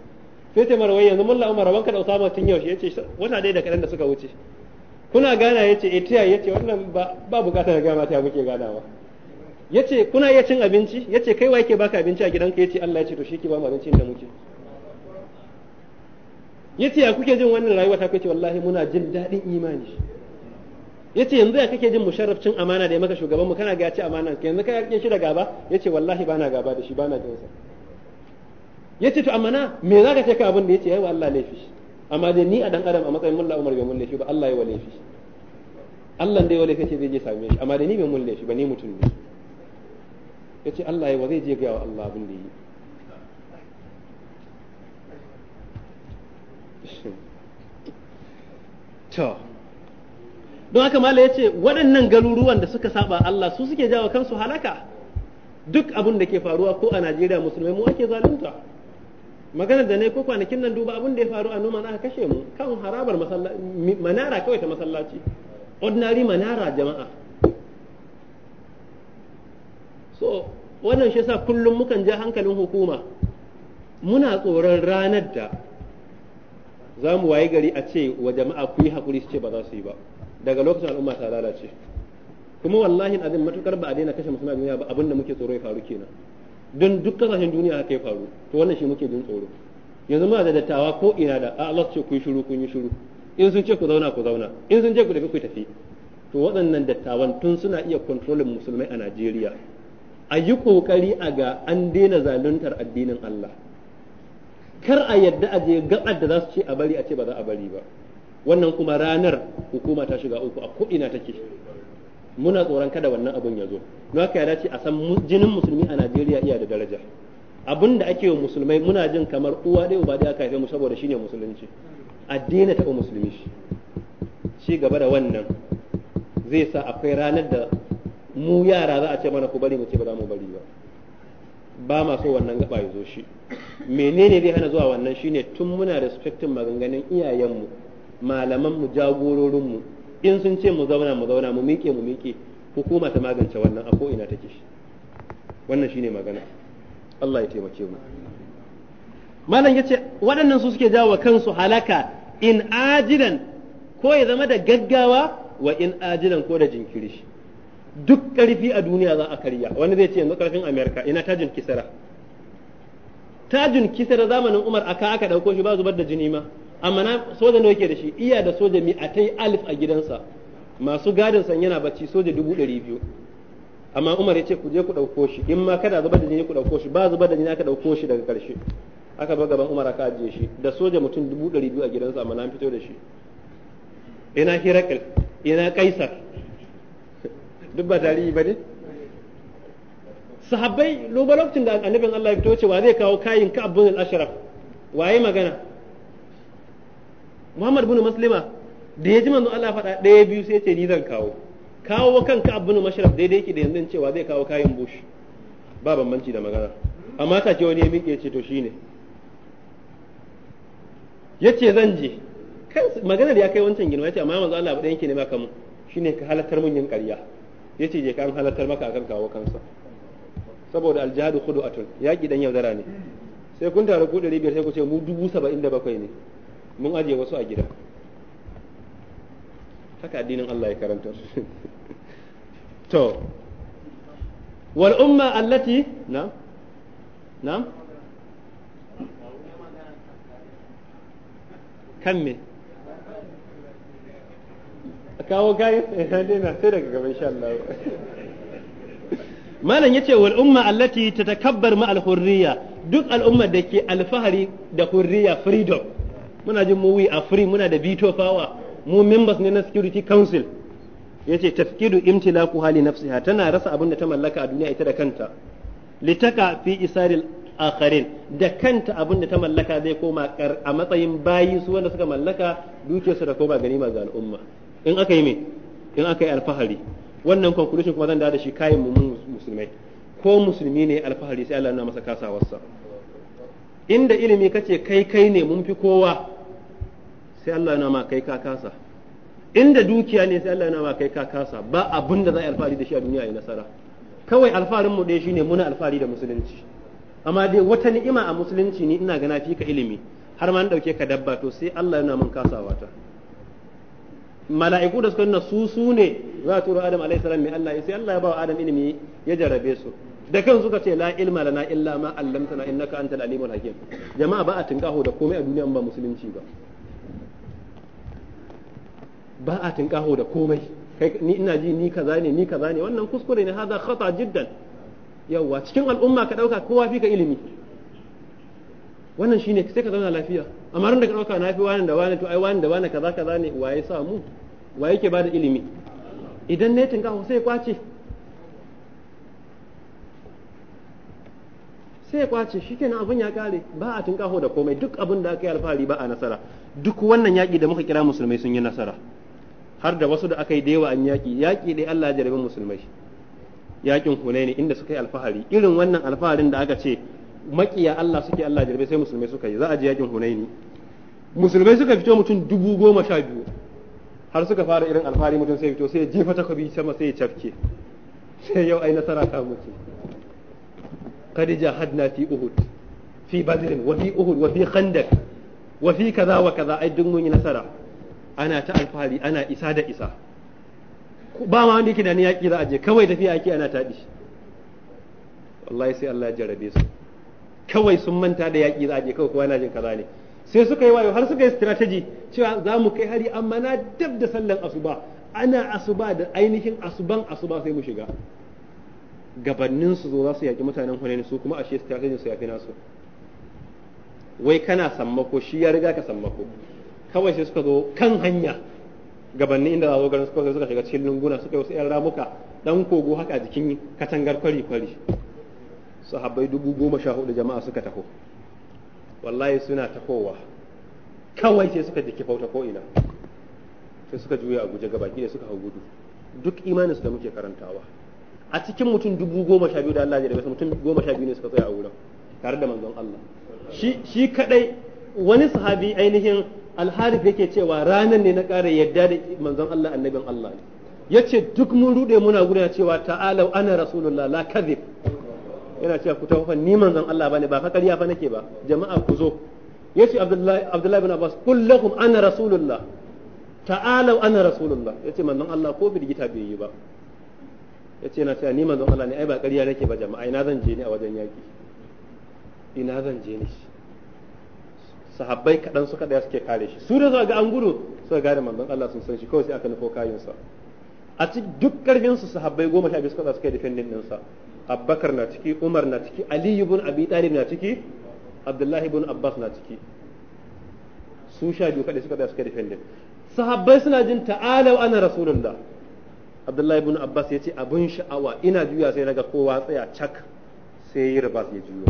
S1: sai ce mara wai yanzu mulla umar rabanka da usama tun yaushe yace wata dai da kadan da suka wuce kuna gana yace etiya ya yace eh, wannan ba bukatar gama ta muke ganawa yace kuna iya cin abinci yace kai wa yake baka abinci a gidanka yace Allah yace to shi ke ba mu abinci da muke yace ya kuke jin wannan rayuwa ta kace wallahi muna jin daɗin imani yace yanzu ya kake jin musharrafcin amana da ya maka shugaban mu kana ga ci amana yanzu kai yake shi da gaba yace wallahi bana gaba da shi bana jin sa yace to amana me za ka ce ka abin da yace yayi wa Allah laifi amma dai ni a dan adam a matsayin mulla Umar bai mun shi ba Allah ya wa laifi Allah dai ya wa laifi ce zai je same shi amma dai ni bai mun shi ba ni mutum ne ya ce Allah ya wa zai je gaya wa Allah abin da yi to don haka mala ya ce waɗannan garuruwan da suka saba Allah su suke jawo kansu halaka duk abin da ke faruwa ko a Najeriya musulmai mu ake zalunta magana da ne ko kwanakin nan duba abin da ya faru a noma aka kashe mu kan harabar manara kawai ta masallaci ordinary manara jama'a so wannan shi yasa kullum mukan ja hankalin hukuma muna tsoron ranar da za mu waye gari a ce wa jama'a ku yi hakuri su ce ba za su yi ba daga lokacin al'umma ta lalace kuma wallahi azin matukar ba a daina kashe musulma duniya ba abinda muke tsoro ya faru kenan don duk kasashen duniya haka ya faru to wannan shi muke jin tsoro yanzu muna da dattawa ko ina da Allah ce ku yi shiru kun yi shiru in sun ce ku zauna ku zauna in sun ce ku tafi ku tafi to waɗannan dattawan tun suna iya kontrolin musulmai a Najeriya a yi ƙoƙari a ga an daina zaluntar addinin Allah kar a yadda a je gabar da za su ce a bari a ce ba za a bari ba wannan kuma ranar hukuma ta shiga uku a ko'ina take muna tsoron kada wannan abun ya zo don haka ya dace a san jinin musulmi a Najeriya iya da daraja abin da ake wa musulmai muna jin kamar uwa ɗaya uba ɗaya aka haife mu saboda shi ne musulunci addini taɓa musulmi shi ci gaba da wannan zai sa akwai ranar da mu yara za a ce mana ku bari mu ce ba za mu bari ba ba ma so wannan gaba ya zo shi menene zai hana zuwa wannan shine tun muna respectin maganganun iyayenmu malamanmu jagororinmu in sun ce mu zauna mu zauna mu miƙe mu miƙe hukuma ta magance wannan a ko ina take shi wannan shine magana Allah ya taimake mu malam yace waɗannan su suke jawo kansu halaka in ajilan ko ya zama da gaggawa wa in ajilan ko da jinkiri duk ƙarfi a duniya za a karya wani zai ce yanzu ƙarfin amerika ina tajin kisara tajin kisara zamanin umar aka aka ɗauko shi ba zubar da jini ma amma na soja ne yake da shi iya da soja mi a yi alif a gidansa masu gadin san yana bacci soja dubu ɗari biyu amma umar ya ce ku je ku ɗauko shi in ma kada zubar da jini ku ɗauko shi ba zubar da jini aka ɗauko shi daga ƙarshe aka bar gaban umar aka ajiye shi da soja mutum dubu ɗari biyu a gidansa amma na fito da shi ina hirakil ina kaisar duk ba tarihi ba ne sahabbai duba lokacin da annabin Allah ya fito cewa zai kawo kayin ka abun al-ashraf waye magana Muhammad bin Maslima da ya ji manzon Allah faɗa ɗaya biyu sai ce ni zan kawo kawo kan ka abun mashraf daidai yake da yanzu cewa zai kawo kayin bush ba bambanci da magana amma ta ce wani ya miƙe ce to shine ce zan je kan magana da ya kai wancan ya ce amma manzon Allah ba ɗayan ke ne ba shi shine ka halattar mun yin ƙarya yace je kan halartar maka akan kawo kansa saboda aljihadu khudu'atun yaki dan yaudara ne sai kun taru ku 500 sai ku ce mu 77 ne mun aje wasu a gida haka addinin Allah ya karanta to wal umma allati na na kan me a kawo kayan eh, ina daina sai daga gaban insha Allah malam yace wal umma allati tatakabbar ma al hurriya duk al'ummar da ke alfahari da hurriya freedom muna jin mu a free muna da veto power mu members ne na security council yace tafkidu imtilaku hali nafsiha tana rasa abin da ta mallaka a duniya ita da kanta litaka fi isaril akharin da kanta abin da ta mallaka zai koma a matsayin bayi su wanda suka mallaka dukiyarsu da koma ganima ga al'umma in aka yi me in aka yi alfahari wannan conclusion kuma zan da shi kayan mu musulmai ko musulmi ne alfahari sai Allah ya masa kasawarsa inda ilimi kace kai kai ne mun fi kowa sai Allah ya ma kai ka kasa inda dukiya ne sai Allah ya ma kai ka kasa ba abin da za a alfahari da shi a duniya ya nasara kawai alfaharin mu dai shine muna alfahari da musulunci amma dai wata ni'ima a musulunci ni ina gana fi ka ilimi har ma na dauke ka dabba to sai Allah ya nuna mun kasawa ta mala'iku da suka nuna su su ne za a turo adam alaihi salam mai Allah ya sai Allah ya ba adam ilimi ya jarabe su da kan suka ce la ilma lana illa ma allamtana innaka antal alimul hakim jama'a ba a tinkaho da komai a duniya ba musulunci ba ba a tinkaho da komai kai ni ina ji ni kaza ne ni kaza ne wannan kuskure ne hada khata jiddan yawa cikin al'umma ka dauka kowa fi ka ilimi wannan shine sai ka zauna lafiya amma ran da ka dauka na fi wani da wani to ai wani da wani kaza kaza ne waye sa mu waye yake bada ilimi idan ne tinka sai kwace sai kwace shi kenan abun ya kare ba a ho da komai duk abun da aka yi alfahari ba a nasara duk wannan yaƙi da muka kira musulmai sun yi nasara har da wasu da aka yi da yawa an yaki yaƙi dai Allah ya jarabe musulmai yaƙin Hunaini inda suka yi alfahari irin wannan alfaharin da aka ce makiya Allah suke Allah jirbe sai musulmai suka yi za a je yakin Hunaini musulmai suka fito mutum dubu goma sha biyu har suka fara irin alfahari mutum sai fito sai jefa takobi sama sai ya cafke sai yau ai nasara ta muke kad jahadna fi uhud fi badr wa fi uhud wa fi khandak wa fi kaza wa kaza ai duk mun yi nasara ana ta alfahari ana isa da isa ba ma wanda yake da ni yaki za a je kawai tafiya ake ana taɗi wallahi sai Allah ya jarabe su kawai sun manta da yaƙi za a je kawai kuma yana jin kaza ne sai suka yi wayo har suka yi strategy cewa za mu kai hari amma na dab da sallan asuba ana asuba da ainihin asuban asuba sai mu shiga gabannin su zo za su yaƙi mutanen hunaini su kuma ashe strategy su yafi nasu wai kana sammako shi ya riga ka sammako kawai sai suka zo kan hanya gabanni inda za zo garin suka suka shiga cikin lunguna suka yi wasu 'yan ramuka dan kogo haka a jikin katangar kwari kwari sahabbai dubu goma sha hudu jama'a suka taho wallahi suna tahowa kawai sai suka jiki fauta ko ina sai suka juya a guje gabaki da suka hau gudu duk imaninsu da muke karantawa a cikin mutum dubu goma sha biyu da Allah ya rabe mutum goma sha biyu ne suka tsaya a wurin tare da manzon Allah shi shi kadai wani sahabi ainihin alharif yake cewa ranar ne na kara yadda da manzon Allah annabin Allah ne yace duk mun rude muna gudana cewa ta'alau ana rasulullah la kadhib yana cewa ku tafi fa ni manzon Allah bane ba fa fa nake ba jama'a ku zo yace Abdullahi Abdullahi bin Abbas kullakum ana rasulullah ta'alu ana rasulullah yace manzon Allah ko digita bai yi ba yace yana cewa ni manzon Allah ne ai ba kariya nake ba jama'a ina zan je ne a wajen yaki ina zan je ne sahabbai kaɗan suka ɗaya suke kare shi su da ga an gudu suka gane manzon Allah sun san shi kawai sai aka nufo kayansa a cikin duk karfin su sahabbai goma sha biyu suka suka yi defending ɗinsa abbakar na ciki umar na ciki ali ibn abi talib na ciki abdullahi ibn abbas na ciki su sha biyu kadai suka tsaya suka defendin sahabbai suna jin ta'alau ana rasulullah abdullahi ibn abbas ya ce abin sha'awa ina juya sai daga kowa tsaya cak sai yi ribas ya juyo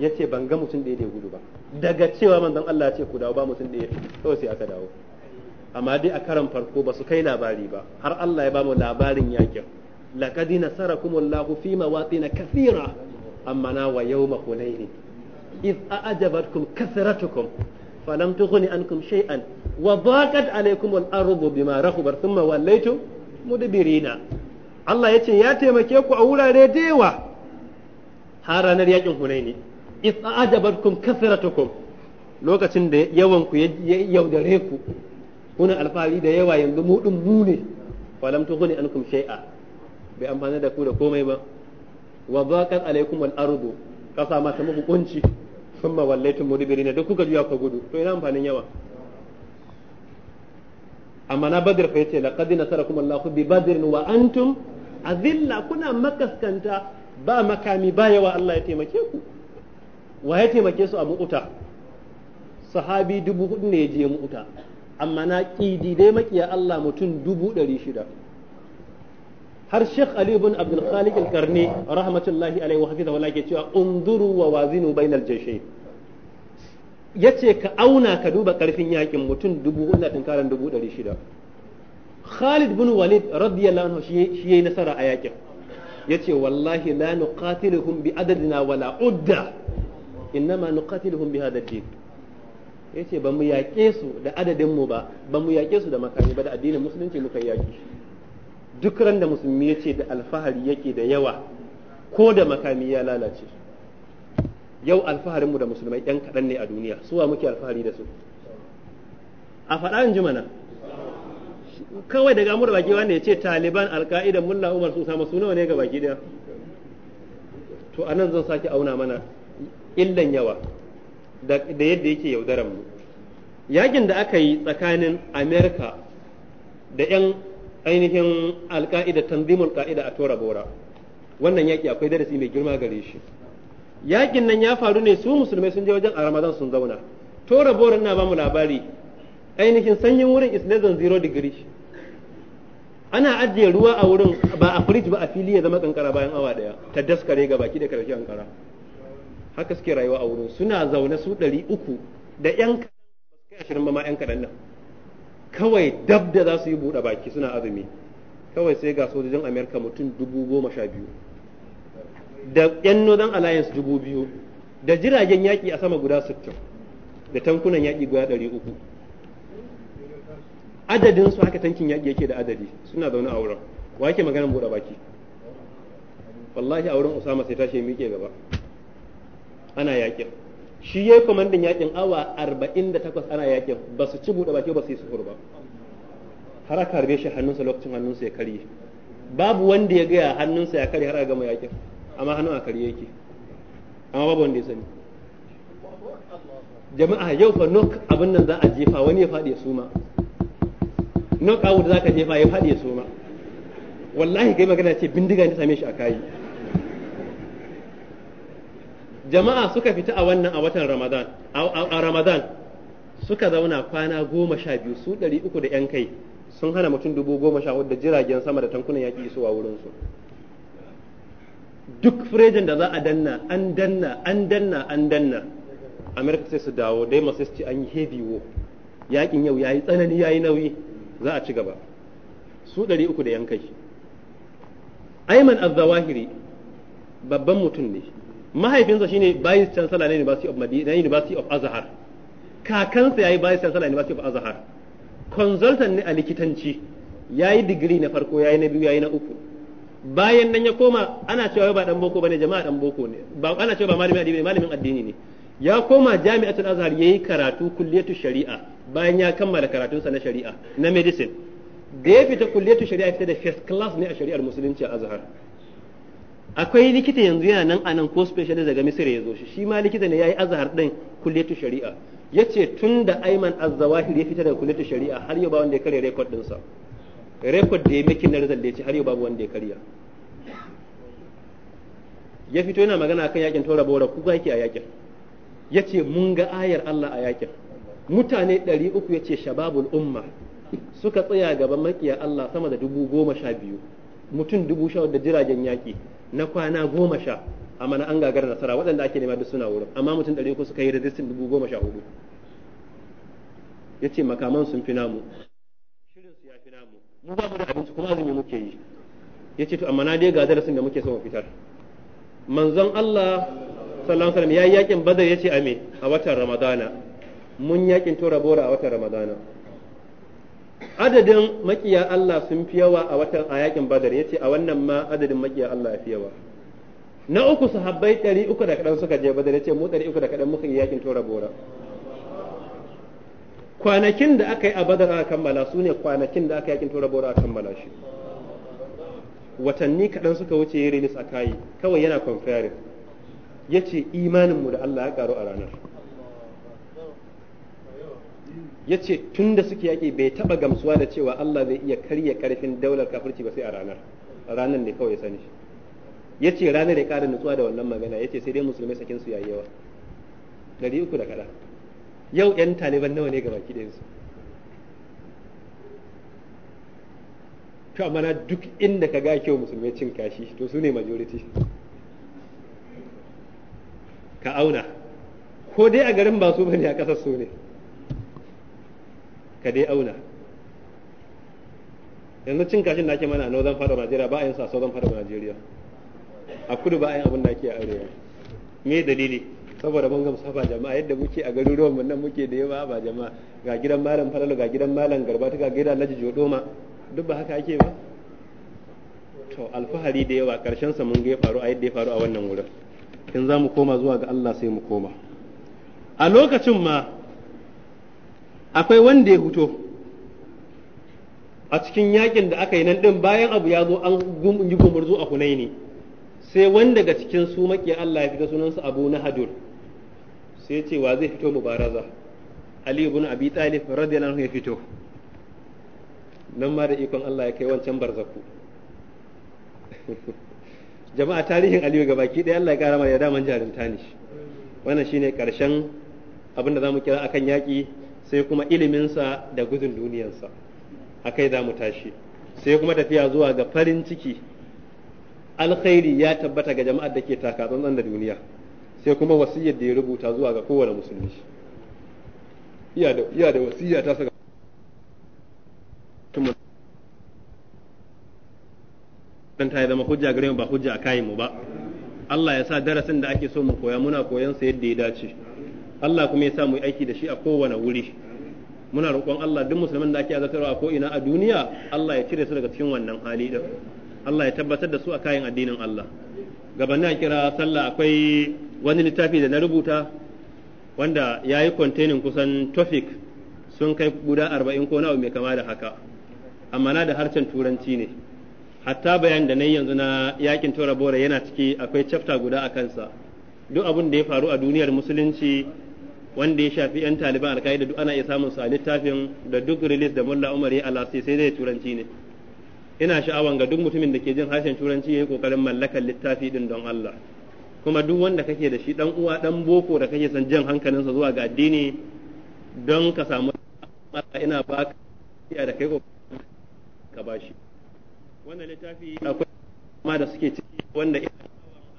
S1: ya ce ban ga mutum ɗaya da ya gudu ba daga cewa manzon Allah ya ce ku dawo ba mutum ɗaya kawai sai aka dawo amma dai a karan farko ba su kai labari ba har Allah ya ba mu labarin yakin laqad nasarakumullahu fi mawatin kathira amma na wa yawma hunain إذ أعجبتكم كثرتكم فلم تغن عنكم شيئا وضاقت عليكم الأرض بما رحبت ثم وليتم مدبرين Allah ya ce ya taimake ku a wurare da yawa har ranar yakin Hunaini iz ajabatkum kasratukum lokacin da yawan ku ya yaudare ku kuna alfahari da yawa yanzu mu din mu ne falam tughni ankum shay'a bai amfana da ku da komai ba wa zaqat alaikum al-ardu kasa ma ta muku kunci thumma wallaitum mudbirina duk kuka juya ku gudu to ina amfanin yawa amma na badr fa yace laqad nasarakum Allah bi badr wa antum azilla kuna makaskanta ba makami ba yawa Allah ya taimake ku wa ya taimake su a mu'uta sahabi dubu hudu ne ya je mu'uta amma na ƙidi dai makiya Allah mutum dubu dari shida har Sheikh Ali ibn Abdul Khaliq al-Karni rahmatullahi alaihi wa hafizahu Allah ke cewa unzuru wa wazinu bainal jayshayn yace ka auna ka duba karfin yakin mutum dubu hudu tun karan dubu ɗari shida Khalid bin Walid radiyallahu anhu shi yayi nasara a yakin yace wallahi la nuqatiluhum bi adadina wala udda innama nuqatiluhum bi hadha ad-din yace ba mu yaƙe su da adadin mu ba ba mu yaƙe su da makami ba da addinin musulunci muka yaƙi duk ran da musulmi ya ce da alfahari yake da yawa ko da makami ya lalace yau alfaharinmu da musulmai ɗan kaɗan ne a duniya suwa muke alfahari da su a faɗa in ji mana kawai daga amur baki wanda ya ce taliban alka'idan mulla umar su samu sunawa ne ga baki daya to anan zan sake auna mana illan yawa da yadda yake yaudarar mu yakin da aka yi tsakanin amerika da 'yan ainihin alka'ida tanzimul ka'ida a tora bora wannan yaki akwai darasi mai girma gare shi yakin nan ya faru ne su musulmai sun je wajen a ramadan sun zauna tora bora na bamu labari ainihin sanyin wurin is less than zero degree ana ajiye ruwa a wurin ba a fridge ba a fili ya zama kankara bayan awa daya ta daskare ga baki da karshe kankara haka suke rayuwa a wurin suna zaune su ɗari uku da yan ashirin ba ma yan kaɗan nan kawai dab da za su yi buɗe baki suna azumi kawai sai ga sojojin amerika mutum dubu goma sha biyu da yan northern alliance dubu biyu da jiragen yaƙi a sama guda sittin da tankunan yaƙi guda ɗari uku adadin su haka tankin yaƙi yake da adadi suna zaune a wurin wa yake maganar buɗe baki wallahi a wurin usama sai tashi miƙe gaba ana yaƙin shi yayi komandan yakin awa 48 ana yakin ba su ci bude baki ba su yi sufur ba har aka harbe shi hannunsa lokacin hannunsa ya karye babu wanda ya gaya hannunsa ya karye har a gama yakin amma hannun a karye yake amma babu wanda ya sani jama'a yau fa nok abin nan za a jefa wani ya faɗi ya suma nok da za ka jefa ya faɗi ya suma wallahi kai magana ce bindiga ne same shi a kayi jama'a suka fita a wannan a watan ramadan a ramadan suka zauna kwana goma sha biyu su ɗari uku da 'yan kai sun hana mutum dubu goma sha da jiragen sama da tankunan yaƙi isowa wurinsu duk firejin da za a danna an danna an danna an danna amerika sai su dawo dai masu ci an yi heavy war yaƙin yau ya yi tsanani ya yi nauyi za a ci gaba su ɗari uku da 'yan kai aiman azzawahiri babban mutum ne mahaifinsa shine bayan chancellor na University of Madina University of Azhar kakansa yayi vice chancellor University of Azhar consultant ne a likitanci yayi digiri na farko yayi na biyu yayi na uku bayan nan ya koma ana cewa ba dan boko bane jama'a dan boko ne ba ana cewa ba malamin addini malamin addini ne ya koma jami'atul azhar yayi karatu kulliyatu shari'a bayan ya kammala karatunsa na shari'a na medicine da ya fita kulliyatu shari'a fita da first class ne a shari'ar musulunci a azhar akwai likita yanzu yana nan anan ko specialist daga misira ya zo shi shi ma likita ne yayi azhar din kulliyatu shari'a yace tun da Ayman Az-Zawahir ya fita daga kulliyatu shari'a har yau ba wanda ya kare record din sa record da ya miki na result da ya har yau babu wanda ya karya ya fito yana magana akan yakin tora bora ga yake a yakin yace mun ga ayar Allah a yakin mutane 300 yace shababul umma suka tsaya gaban makiya Allah sama da dubu goma sha biyu mutum dubu sha da jiragen yaƙi na kwana goma sha a mana an gagar nasara waɗanda ake nema duk suna wurin amma mutum ɗari uku suka yi rajistin dubu goma sha hudu ya ce makaman sun fi namu shirin su ya fi namu mu ba mu da abinci kuma azumi muke yi ya ce to amma na dai ga darasin da muke son fitar manzon Allah sallallahu alaihi wasallam ya yi yakin badar ya ce Amin a watan ramadana mun yakin tora bora a watan ramadana adadin makiya Allah sun fi yawa a watan a yakin badar yace a wannan ma adadin makiya Allah ya fi yawa na uku sahabbai ɗari uku da kaɗan suka je badar yace mu ɗari uku da kaɗan muka yi yakin tora bora kwanakin da aka yi a badar aka kammala su ne kwanakin da aka yakin tora bora aka kammala shi watanni kaɗan suka wuce yi rinis a kayi kawai yana Ya yace imaninmu da Allah ya karu a ranar ya ce tun da suke yaƙi bai taɓa gamsuwa da cewa Allah zai iya karya ƙarfin daular kafirci ba sai a ranar ranar ne kawai sani shi ya ce ranar ya ƙara nutsuwa da wannan magana ya ce sai dai musulmai sakin su yayi yawa ɗari uku da kaɗa yau ƴan taliban nawa ne baki da su to amma na duk inda ka ga kyau musulmai cin kashi to su ne majority ka auna ko dai a garin ba su bane a ƙasar su ne ka dai auna yanzu cin kashin da ake mana a northern part of Nigeria ba a yin sa a southern part of Nigeria a kudu ba a yin abin da ake a arewa me dalili saboda mun gamsu ba jama'a yadda muke a garuruwan mun nan muke da yawa ba jama'a ga gidan malam falalu ga gidan malam garba ga gidan laji jodoma duk ba haka ake ba to alfahari da yawa karshen sa mun ga ya faru a yadda ya faru a wannan wurin in za mu koma zuwa ga Allah sai mu koma a lokacin ma akwai wanda ya fito a cikin yakin da aka yi nan din bayan abu ya zo an yi gumurzu a hunaini sai wanda daga cikin su makiya Allah ya fita sunansa Abu na hadur sai ce wa zai fito mubaraza Ali ibn Abi Talib radiyallahu anhu ya fito nan ma da ikon Allah ya kai wancan barzaku jama'a tarihin Aliyu ga baki ɗaya Allah ya kara ya daman jarumta ne wannan shine karshen abin da zamu kira akan yaki sai kuma iliminsa da gudun duniyarsa a kai za mu tashi sai kuma tafiya zuwa ga farin ciki alkhairi ya tabbata ga jama'ar da ke taka tsantsan da duniya sai kuma wasiyyar da ya rubuta zuwa ga kowane musulmi iya da wasiyya ta saka dan ta zama hujja gare mu ba hujja a kayan mu ba Allah ya sa darasin da ake so mu koya muna koyan sa yadda ya dace Allah kuma ya sa mu aiki da shi a kowane wuri muna roƙon Allah duk musulmin da ake azabtarwa a ko'ina a duniya Allah ya cire su daga cikin wannan hali din Allah ya tabbatar da su a kayan addinin Allah gabanin a kira sallah akwai wani littafi da na rubuta wanda ya yi containing kusan tofik sun kai guda arba'in ko nawa mai kama da haka amma na da harshen turanci ne hatta bayan da na yi yanzu na yakin tora bora yana ciki akwai chapter guda a kansa duk abin da ya faru a duniyar musulunci wanda ya shafi yan taliban alkaida duk ana iya samun su a littafin da duk release da mulla umar ya alasi sai dai turanci ne ina sha'awan ga duk mutumin da ke jin harshen turanci ya yi kokarin mallakar littafi din don Allah kuma duk wanda kake da shi dan uwa dan boko da kake son jan hankalinsa zuwa ga addini don ka samu ina baka da kai ka bashi wannan littafi akwai ma da suke ciki wanda ina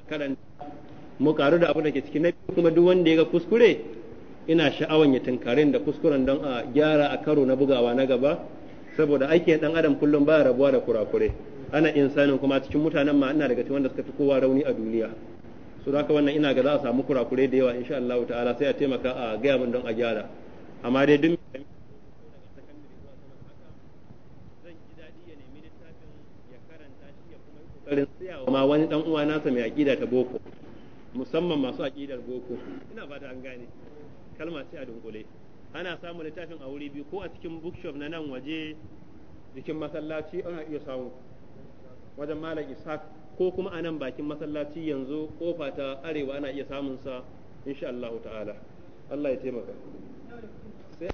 S1: karanta mu karu da abu da ke ciki na kuma duk wanda ya ga kuskure ina sha'awan ya tunkarin da kuskuren don a gyara a karo na bugawa na gaba saboda aikin dan adam kullum baya rabuwa da kurakure ana insanin kuma cikin mutanen ma ina daga cikin wanda suka fi kowa rauni a duniya su haka wannan ina ga za a samu kurakure da yawa insha Allah ta'ala sai a taimaka a gaya min don a gyara amma dai duk kokarin tsayawa ma wani dan uwa nasa mai aƙida ta boko musamman masu aƙidar boko ina fata an gane kalma sai a dunkule ana samun littafin a wuri biyu ko a cikin bookshop na nan waje cikin masallaci ana iya samu wajen malam ishaq ko kuma a nan bakin masallaci yanzu kofa ta arewa ana iya samun sa insha Allah ta'ala Allah ya taimaka sai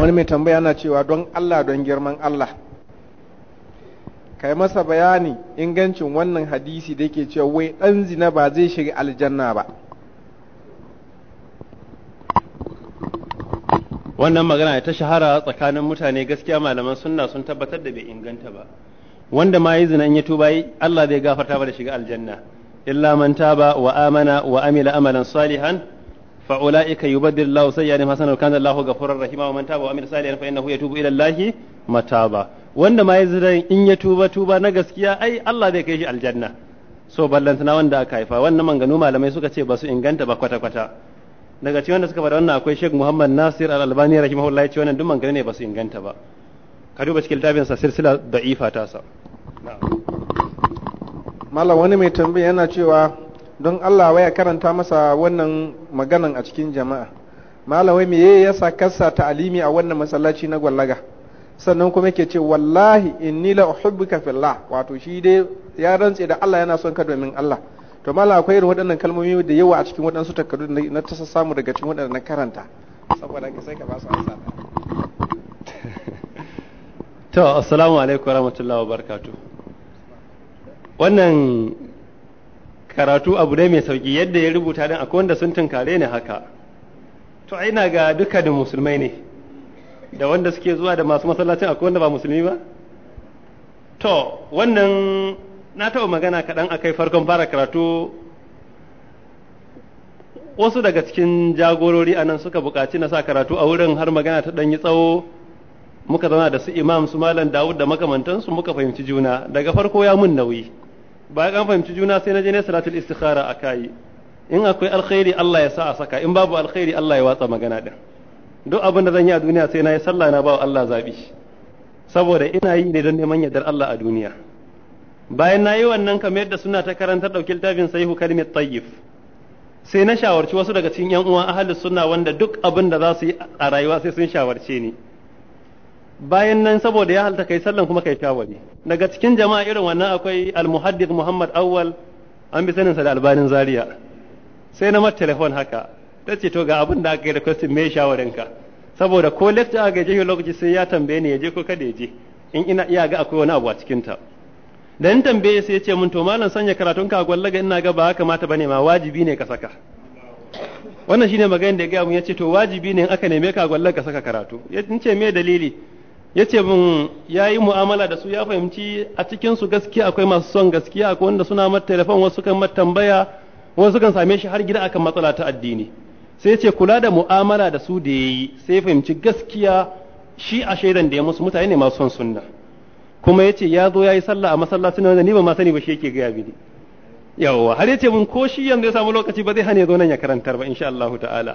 S2: wani mai tambaya ana cewa don Allah don girman Allah kai masa bayani ingancin wannan hadisi da yake cewa wai dan zina ba zai shiga aljanna ba
S1: wannan magana ta shahara tsakanin mutane gaskiya malaman sunna sun tabbatar da bai inganta ba wanda ma yi zinan ya tuba Allah zai gafarta ba da shiga aljanna illa man taba wa amana wa amila amalan salihan fa ulaika yubaddilu Allahu sayyi'atihim hasanatan kana Allahu ghafurur rahim wa man taba wa amila salihan fa innahu yatubu ila Allahi mataba wanda ma yi zinan in ya tuba tuba na gaskiya ai Allah zai kai shi aljanna so ballantana wanda aka haifa wannan manganu malamai suka ce ba su inganta ba kwata kwata daga cikin wanda suka faɗa wannan akwai Sheikh Muhammad Nasir Al-Albani rahimahullahi cewa ce wannan duk mangane ne ba su inganta ba ka duba cikin littafin sa silsila da'ifa ta sa
S2: malam wani mai tambaya yana cewa don Allah waya karanta masa wannan maganan a cikin jama'a mallam wai meye yasa kassa ta'alimi a wannan masallaci na gwallaga sannan kuma yake ce wallahi inni la uhibbuka fillah wato shi dai ya rantse da Allah yana son ka domin Allah to mala akwai irin waɗannan kalmomi da yawa a cikin waɗansu takardu na ta samu daga cikin waɗannan karanta saboda ka sai ka ba su amsa
S1: to assalamu alaikum warahmatullahi wabarakatuh wannan karatu abu ne mai sauki yadda ya rubuta din akwai wanda sun tunkare ni haka to ina ga dukkanin musulmai ne da wanda suke zuwa da masu masallacin akwai wanda ba musulmi ba to wannan na taɓa magana kaɗan a kai farkon fara karatu wasu daga cikin jagorori a nan suka buƙaci na sa karatu a wurin har magana ta ɗanyi tsawo muka zauna da su imam su malam dawud da makamantansu muka fahimci juna daga farko ya mun nauyi bayan an fahimci juna sai na je ne salatul istikhara a kayi in akwai alkhairi Allah ya sa a saka in babu alkhairi Allah ya watsa magana din duk abin da zan yi a duniya sai na yi sallah na ba Allah zabi saboda ina yi ne don neman yardar Allah a duniya bayan na yi wannan kamar yadda suna ta karanta ɗauki littafin sahihu kalmar tayyif sai na shawarci wasu daga cikin yan uwan ahalus sunna wanda duk abin da za su yi a rayuwa sai sun shawarce ni bayan nan saboda ya halta kai sallan kuma kai shawari daga cikin jama'a irin wannan akwai almuhaddith muhammad awwal an bi saninsa da albanin zaria sai na mata telefon haka ta ce to ga abin da aka yi requestin me shawarinka saboda ko lecture aka je lokaci sai ya tambaye ni ya je ko kada ya je in ina iya ga akwai wani abu a cikin ta Da in tambaye sai ya ce mun to malam sanya karatun ka ga ina ga ba kamata bane ma wajibi ne ka saka wannan shine magana da ya gaya mun yace to wajibi ne in aka neme ka gwalla ka saka karatu ya ce me dalili yace mun yayi mu'amala da su ya fahimci a cikin su gaskiya akwai masu son gaskiya akwai wanda suna mata telefon wasu kan mata tambaya wasu kan same shi har gida akan matsala ta addini sai ce kula da mu'amala da su da yayi sai fahimci gaskiya shi a shaidan da ya musu mutane ne masu son sunna kuma ya ce ya zo ya yi sallah a masallacin na ni ba ma sani ba shi yake gaya mini yawwa har yace mun ko shi yanzu ya samu lokaci ba zai hane zo nan ya karantar ba insha Allah ta'ala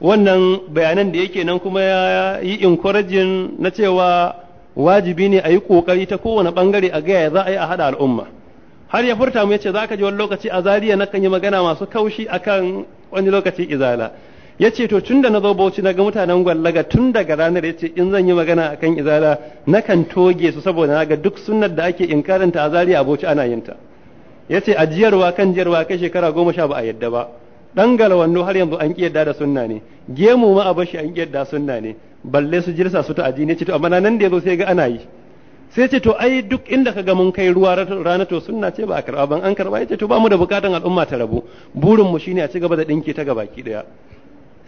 S1: wannan bayanan da yake nan kuma ya yi encouraging na cewa wajibi ne a yi kokari ta kowane bangare a gaya za a yi a hada al'umma har ya furta mu ya za ka ji wani lokaci a zariya nakan yi magana masu kaushi akan wani lokaci izala ya ce to tun da na zo bauchi na ga mutanen gwallaga tun daga ranar ya ce in zan yi magana a kan izala nakan toge su saboda na ga duk sunnar da ake in karanta a zariya a bauchi ana yinta. ya ce ajiyarwa kan jiyarwa kai shekara goma sha ba a yadda ba dan galwanno har yanzu an kiyarda da sunna ne gemu ma a bashi an kiyarda sunna ne balle su jirsa su ta ne ce to amma nan da yazo sai ga ana yi sai ce to ai duk inda kaga mun kai ruwa rana to sunna ce ba a karba ban an karba ce to ba mu da bukatan al'umma ta rabu burin mu shine a ci gaba da dinki ta gabaki daya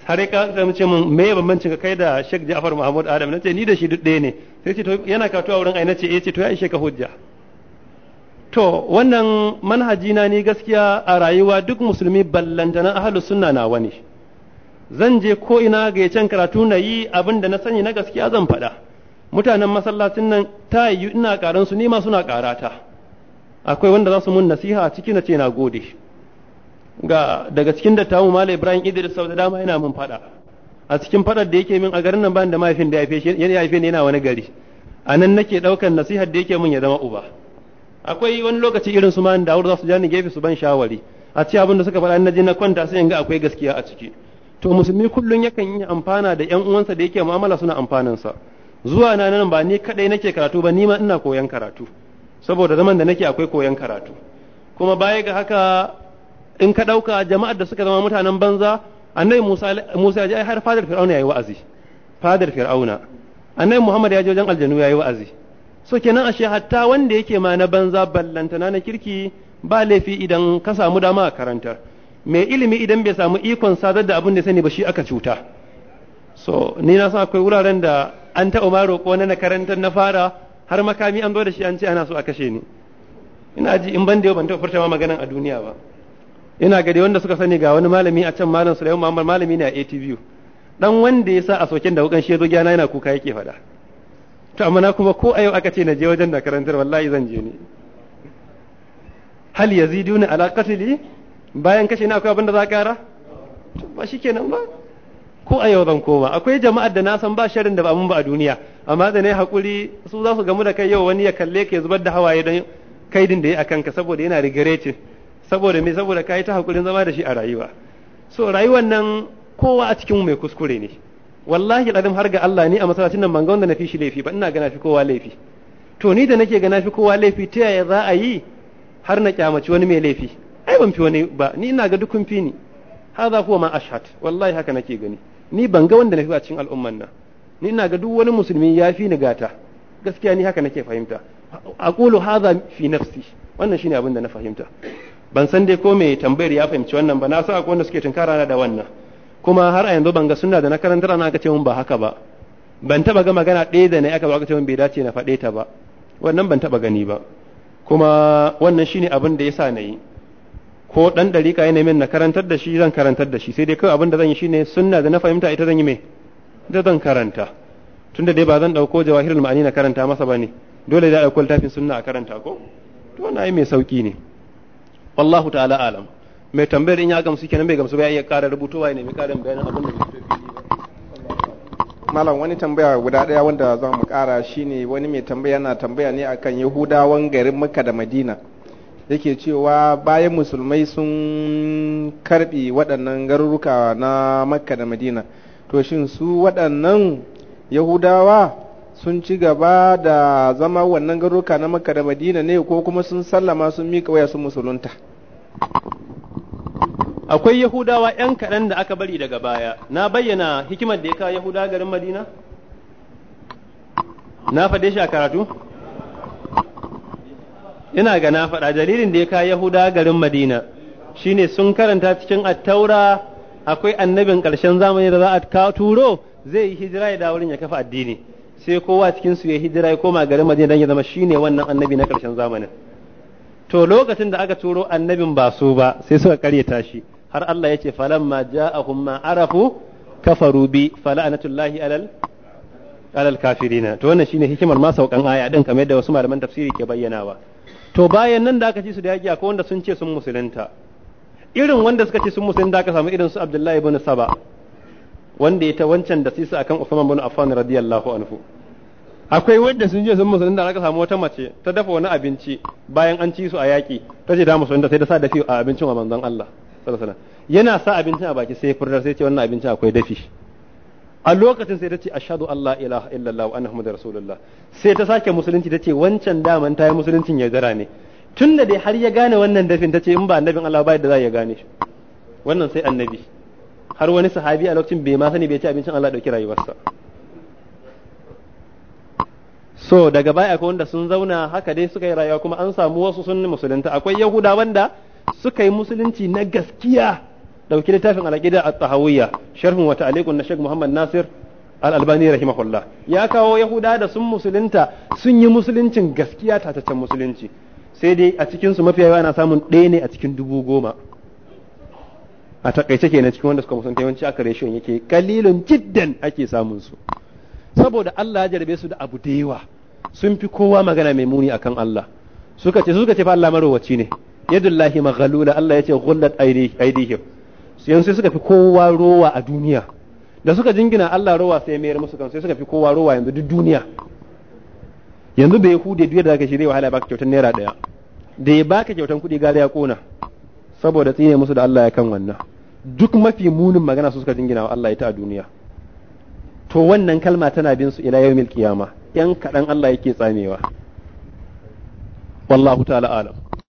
S1: har ka zama ce mun me bambancin ka kai da Sheikh Ja'far Muhammad Adam nace ni da shi duk ɗaya ne sai ce to yana karatu a wurin ai nace eh ce to ya ishe ka hujja to wannan manhaji na ni gaskiya a rayuwa duk musulmi ballantana ahlus sunna na wani zan je ko ina ga yacen karatu na yi abin da na sani na gaskiya zan faɗa mutanen masallacin nan ta yi ina karan su ni ma suna karata akwai wanda za su mun nasiha ciki na na gode ga daga cikin dattawu Malam Ibrahim Idris sau da dama yana min fada a cikin fadar da yake min a garin nan ban da mahaifin da ya haife shi ya haife ni yana wani gari a nan nake daukan nasihar da yake min ya zama uba akwai wani lokaci irin su man da za su ja ni gefe su ban shawari a ce abin da suka faɗa na je na kwanta sai in ga akwai gaskiya a ciki to musulmi kullun yakan yi amfana da ƴan uwansa da yake mu'amala suna sa zuwa na nan ba ni kadai nake karatu ba ni ma ina koyan karatu saboda zaman da nake akwai koyan karatu kuma baya ga haka in ka ɗauka jama'ar da suka zama mutanen banza annabi Musa ya je har fadar Fir'auna yayi wa'azi fadar Fir'auna annabi Muhammad ya je wajen aljanu yayi wa'azi so kenan ashe hatta wanda yake ma na banza ballantana na kirki ba laifi idan ka samu dama a karantar mai ilimi idan bai samu ikon sadar da abin da sani ba shi aka cuta so ni na san akwai wuraren da an taɓa ma roƙo na karantar na fara har makami an zo da shi an ce ana so a kashe ni ina ji in ban da yau ban taɓa furta ma maganan a duniya ba ina gade wanda suka sani ga wani malami a can malam Sulaiman Muhammad malami ne a ATV dan wanda ya sa a sokin da wukan shi ya zo gyana yana kuka yake fada to amma na kuma ko a yau aka ce na je wajen da karantar wallahi zan je ne hal yaziduna ala qatli bayan kashe ni akwai abin da za kara ba shikenan ba ko a yau zan koma akwai jama'ar da na san ba sharrin da ba mun ba a duniya amma da ne hakuri su za su gamu da kai yau wani ya kalle ka ya zubar da hawaye don kaidin da ya akan ka saboda yana rigaretin saboda me saboda yi ta haƙurin zama da shi a rayuwa so rayuwar nan kowa a cikin mai kuskure ne wallahi ladin har ga Allah ni a masallacin nan ban ga wanda na fi shi laifi ba ina ga fi kowa laifi to ni da nake ga na fi kowa laifi ta yaya za a yi har na kyamaci wani mai laifi ai ban fi wani ba ni ina ga dukkan fi ni hadha kuwa ma ashhad wallahi haka nake gani ni ban ga wanda na fi a cikin al'umman nan ni ina ga duk wani musulmi ya fi ni gata gaskiya ni haka nake fahimta aqulu hadha fi nafsi wannan shine abin da na fahimta ban san dai ko mai tambayar ya fahimci wannan ba na san akwai wanda suke tunkara na da wannan kuma har a yanzu ban ga sunna da na karanta na aka ce mun ba haka ba ban taba ga magana ɗaya da na aka ba aka ce mun bai dace na faɗe ta ba wannan ban taba gani ba kuma wannan shine abin da yasa na yi ko dan dariƙa yana min na karantar da shi zan karantar da shi sai dai kawai abin da zan yi shine sunna da na fahimta ita zan yi mai da zan karanta tunda dai ba zan dauko jawahirul ma'ani na karanta masa bane dole da dauko littafin sunna a karanta ko to wannan ai mai sauki ne wallahu ta'ala alam mai tambayar in ya gamsu kenan bai gamsu ba ya iya ƙara rubutowa ya nemi ƙarin bayanin abin da ke fili
S2: malam wani tambaya guda ɗaya wanda za mu ƙara shine wani mai tambaya na tambaya ne akan yahudawan garin makka da madina yake cewa bayan musulmai sun karbi waɗannan garuruka na makka da madina to shin su waɗannan yahudawa sun ci gaba da zama wannan garuruka na makka da madina ne ko kuma sun sallama sun miƙa waya sun musulunta
S1: akwai yahudawa 'yan kaɗan da aka bari daga baya na bayyana hikimar da ya kawo Yahuda garin madina na faɗe shi a karatu ina ga na faɗa dalilin da ya kawo Yahuda garin madina ne sun karanta cikin attaura akwai annabin ƙarshen zamani da za a turo zai yi hijira ya dawo ya kafa addini sai kowa cikin su ya hijira ya koma garin madina don ya zama shine wannan annabi na ƙarshen zamanin to lokacin da aka turo annabin ba su ba sai suka karyata shi har Allah ya ce falamma ja'ahum ma arafu kafaru bi fala'anatullahi alal alal kafirina to wannan shine hikimar ma saukan aya din kamar yadda wasu malaman tafsiri ke bayyanawa to bayan nan da aka ci su da yaki akwai wanda sun ce sun musulunta irin wanda suka ce sun musulunta aka samu irin su Abdullahi ibn Saba wanda ya ta wancan da sisa akan Uthman ibn Affan radiyallahu anhu akwai wanda sun je sun musulunta aka samu wata mace ta dafa wani abinci bayan an ci su a yaƙi ta ce da musulunta sai ta sa dafi a abincin wa manzon Allah sallallahu alaihi wasallam yana sa abincin a baki sai furdar sai ce wannan abincin akwai dafi a lokacin sai ta ce ashhadu Allah ilaha illallah wa anna muhammadar rasulullah sai ta sake musulunci ta ce wancan daman ta yi musuluncin ya zara ne tun da dai har ya gane wannan dafin ta ce in ba annabin Allah ba da za ya gane shi wannan sai annabi har wani sahabi a lokacin bai ma sani bai ci abincin Allah dauki rayuwarsa so daga baya akwai wanda sun zauna haka dai suka yi rayuwa kuma an samu wasu sun musulunta akwai yahuda wanda suka yi musulunci na gaskiya dauki littafin alaqida at-tahawiyya sharhun wa ta'liqun na Sheikh Muhammad Nasir al-Albani rahimahullah ya kawo yahuda da sun musulunta sun yi musuluncin gaskiya tataccen musulunci sai dai a cikin su mafi yawa ana samun ɗaya ne a cikin dubu goma a takaice kenan cikin wanda suka musulunta yawanci aka reshen yake kalilun jiddan ake samun su saboda Allah ya jarbe su da abu da yawa sun fi kowa magana mai muni akan Allah suka ce suka ce fa Allah marowaci ne yadullahi maghalula Allah ya ce ghullat aidihim Yanzu sai suka fi kowa rowa a duniya da suka jingina Allah rowa sai mayar musu kan sai suka fi kowa rowa yanzu duk duniya yanzu bai hude duk da kake shirye wahala baka kyautan naira daya da ya baka kyautan kuɗi gari ya kona saboda tsine musu da Allah ya kan wannan duk mafi munin magana su suka jingina wa Allah ita a duniya to wannan kalma tana bin su ila yawmil qiyamah yan kaɗan Allah yake tsamewa wallahu ta'ala alam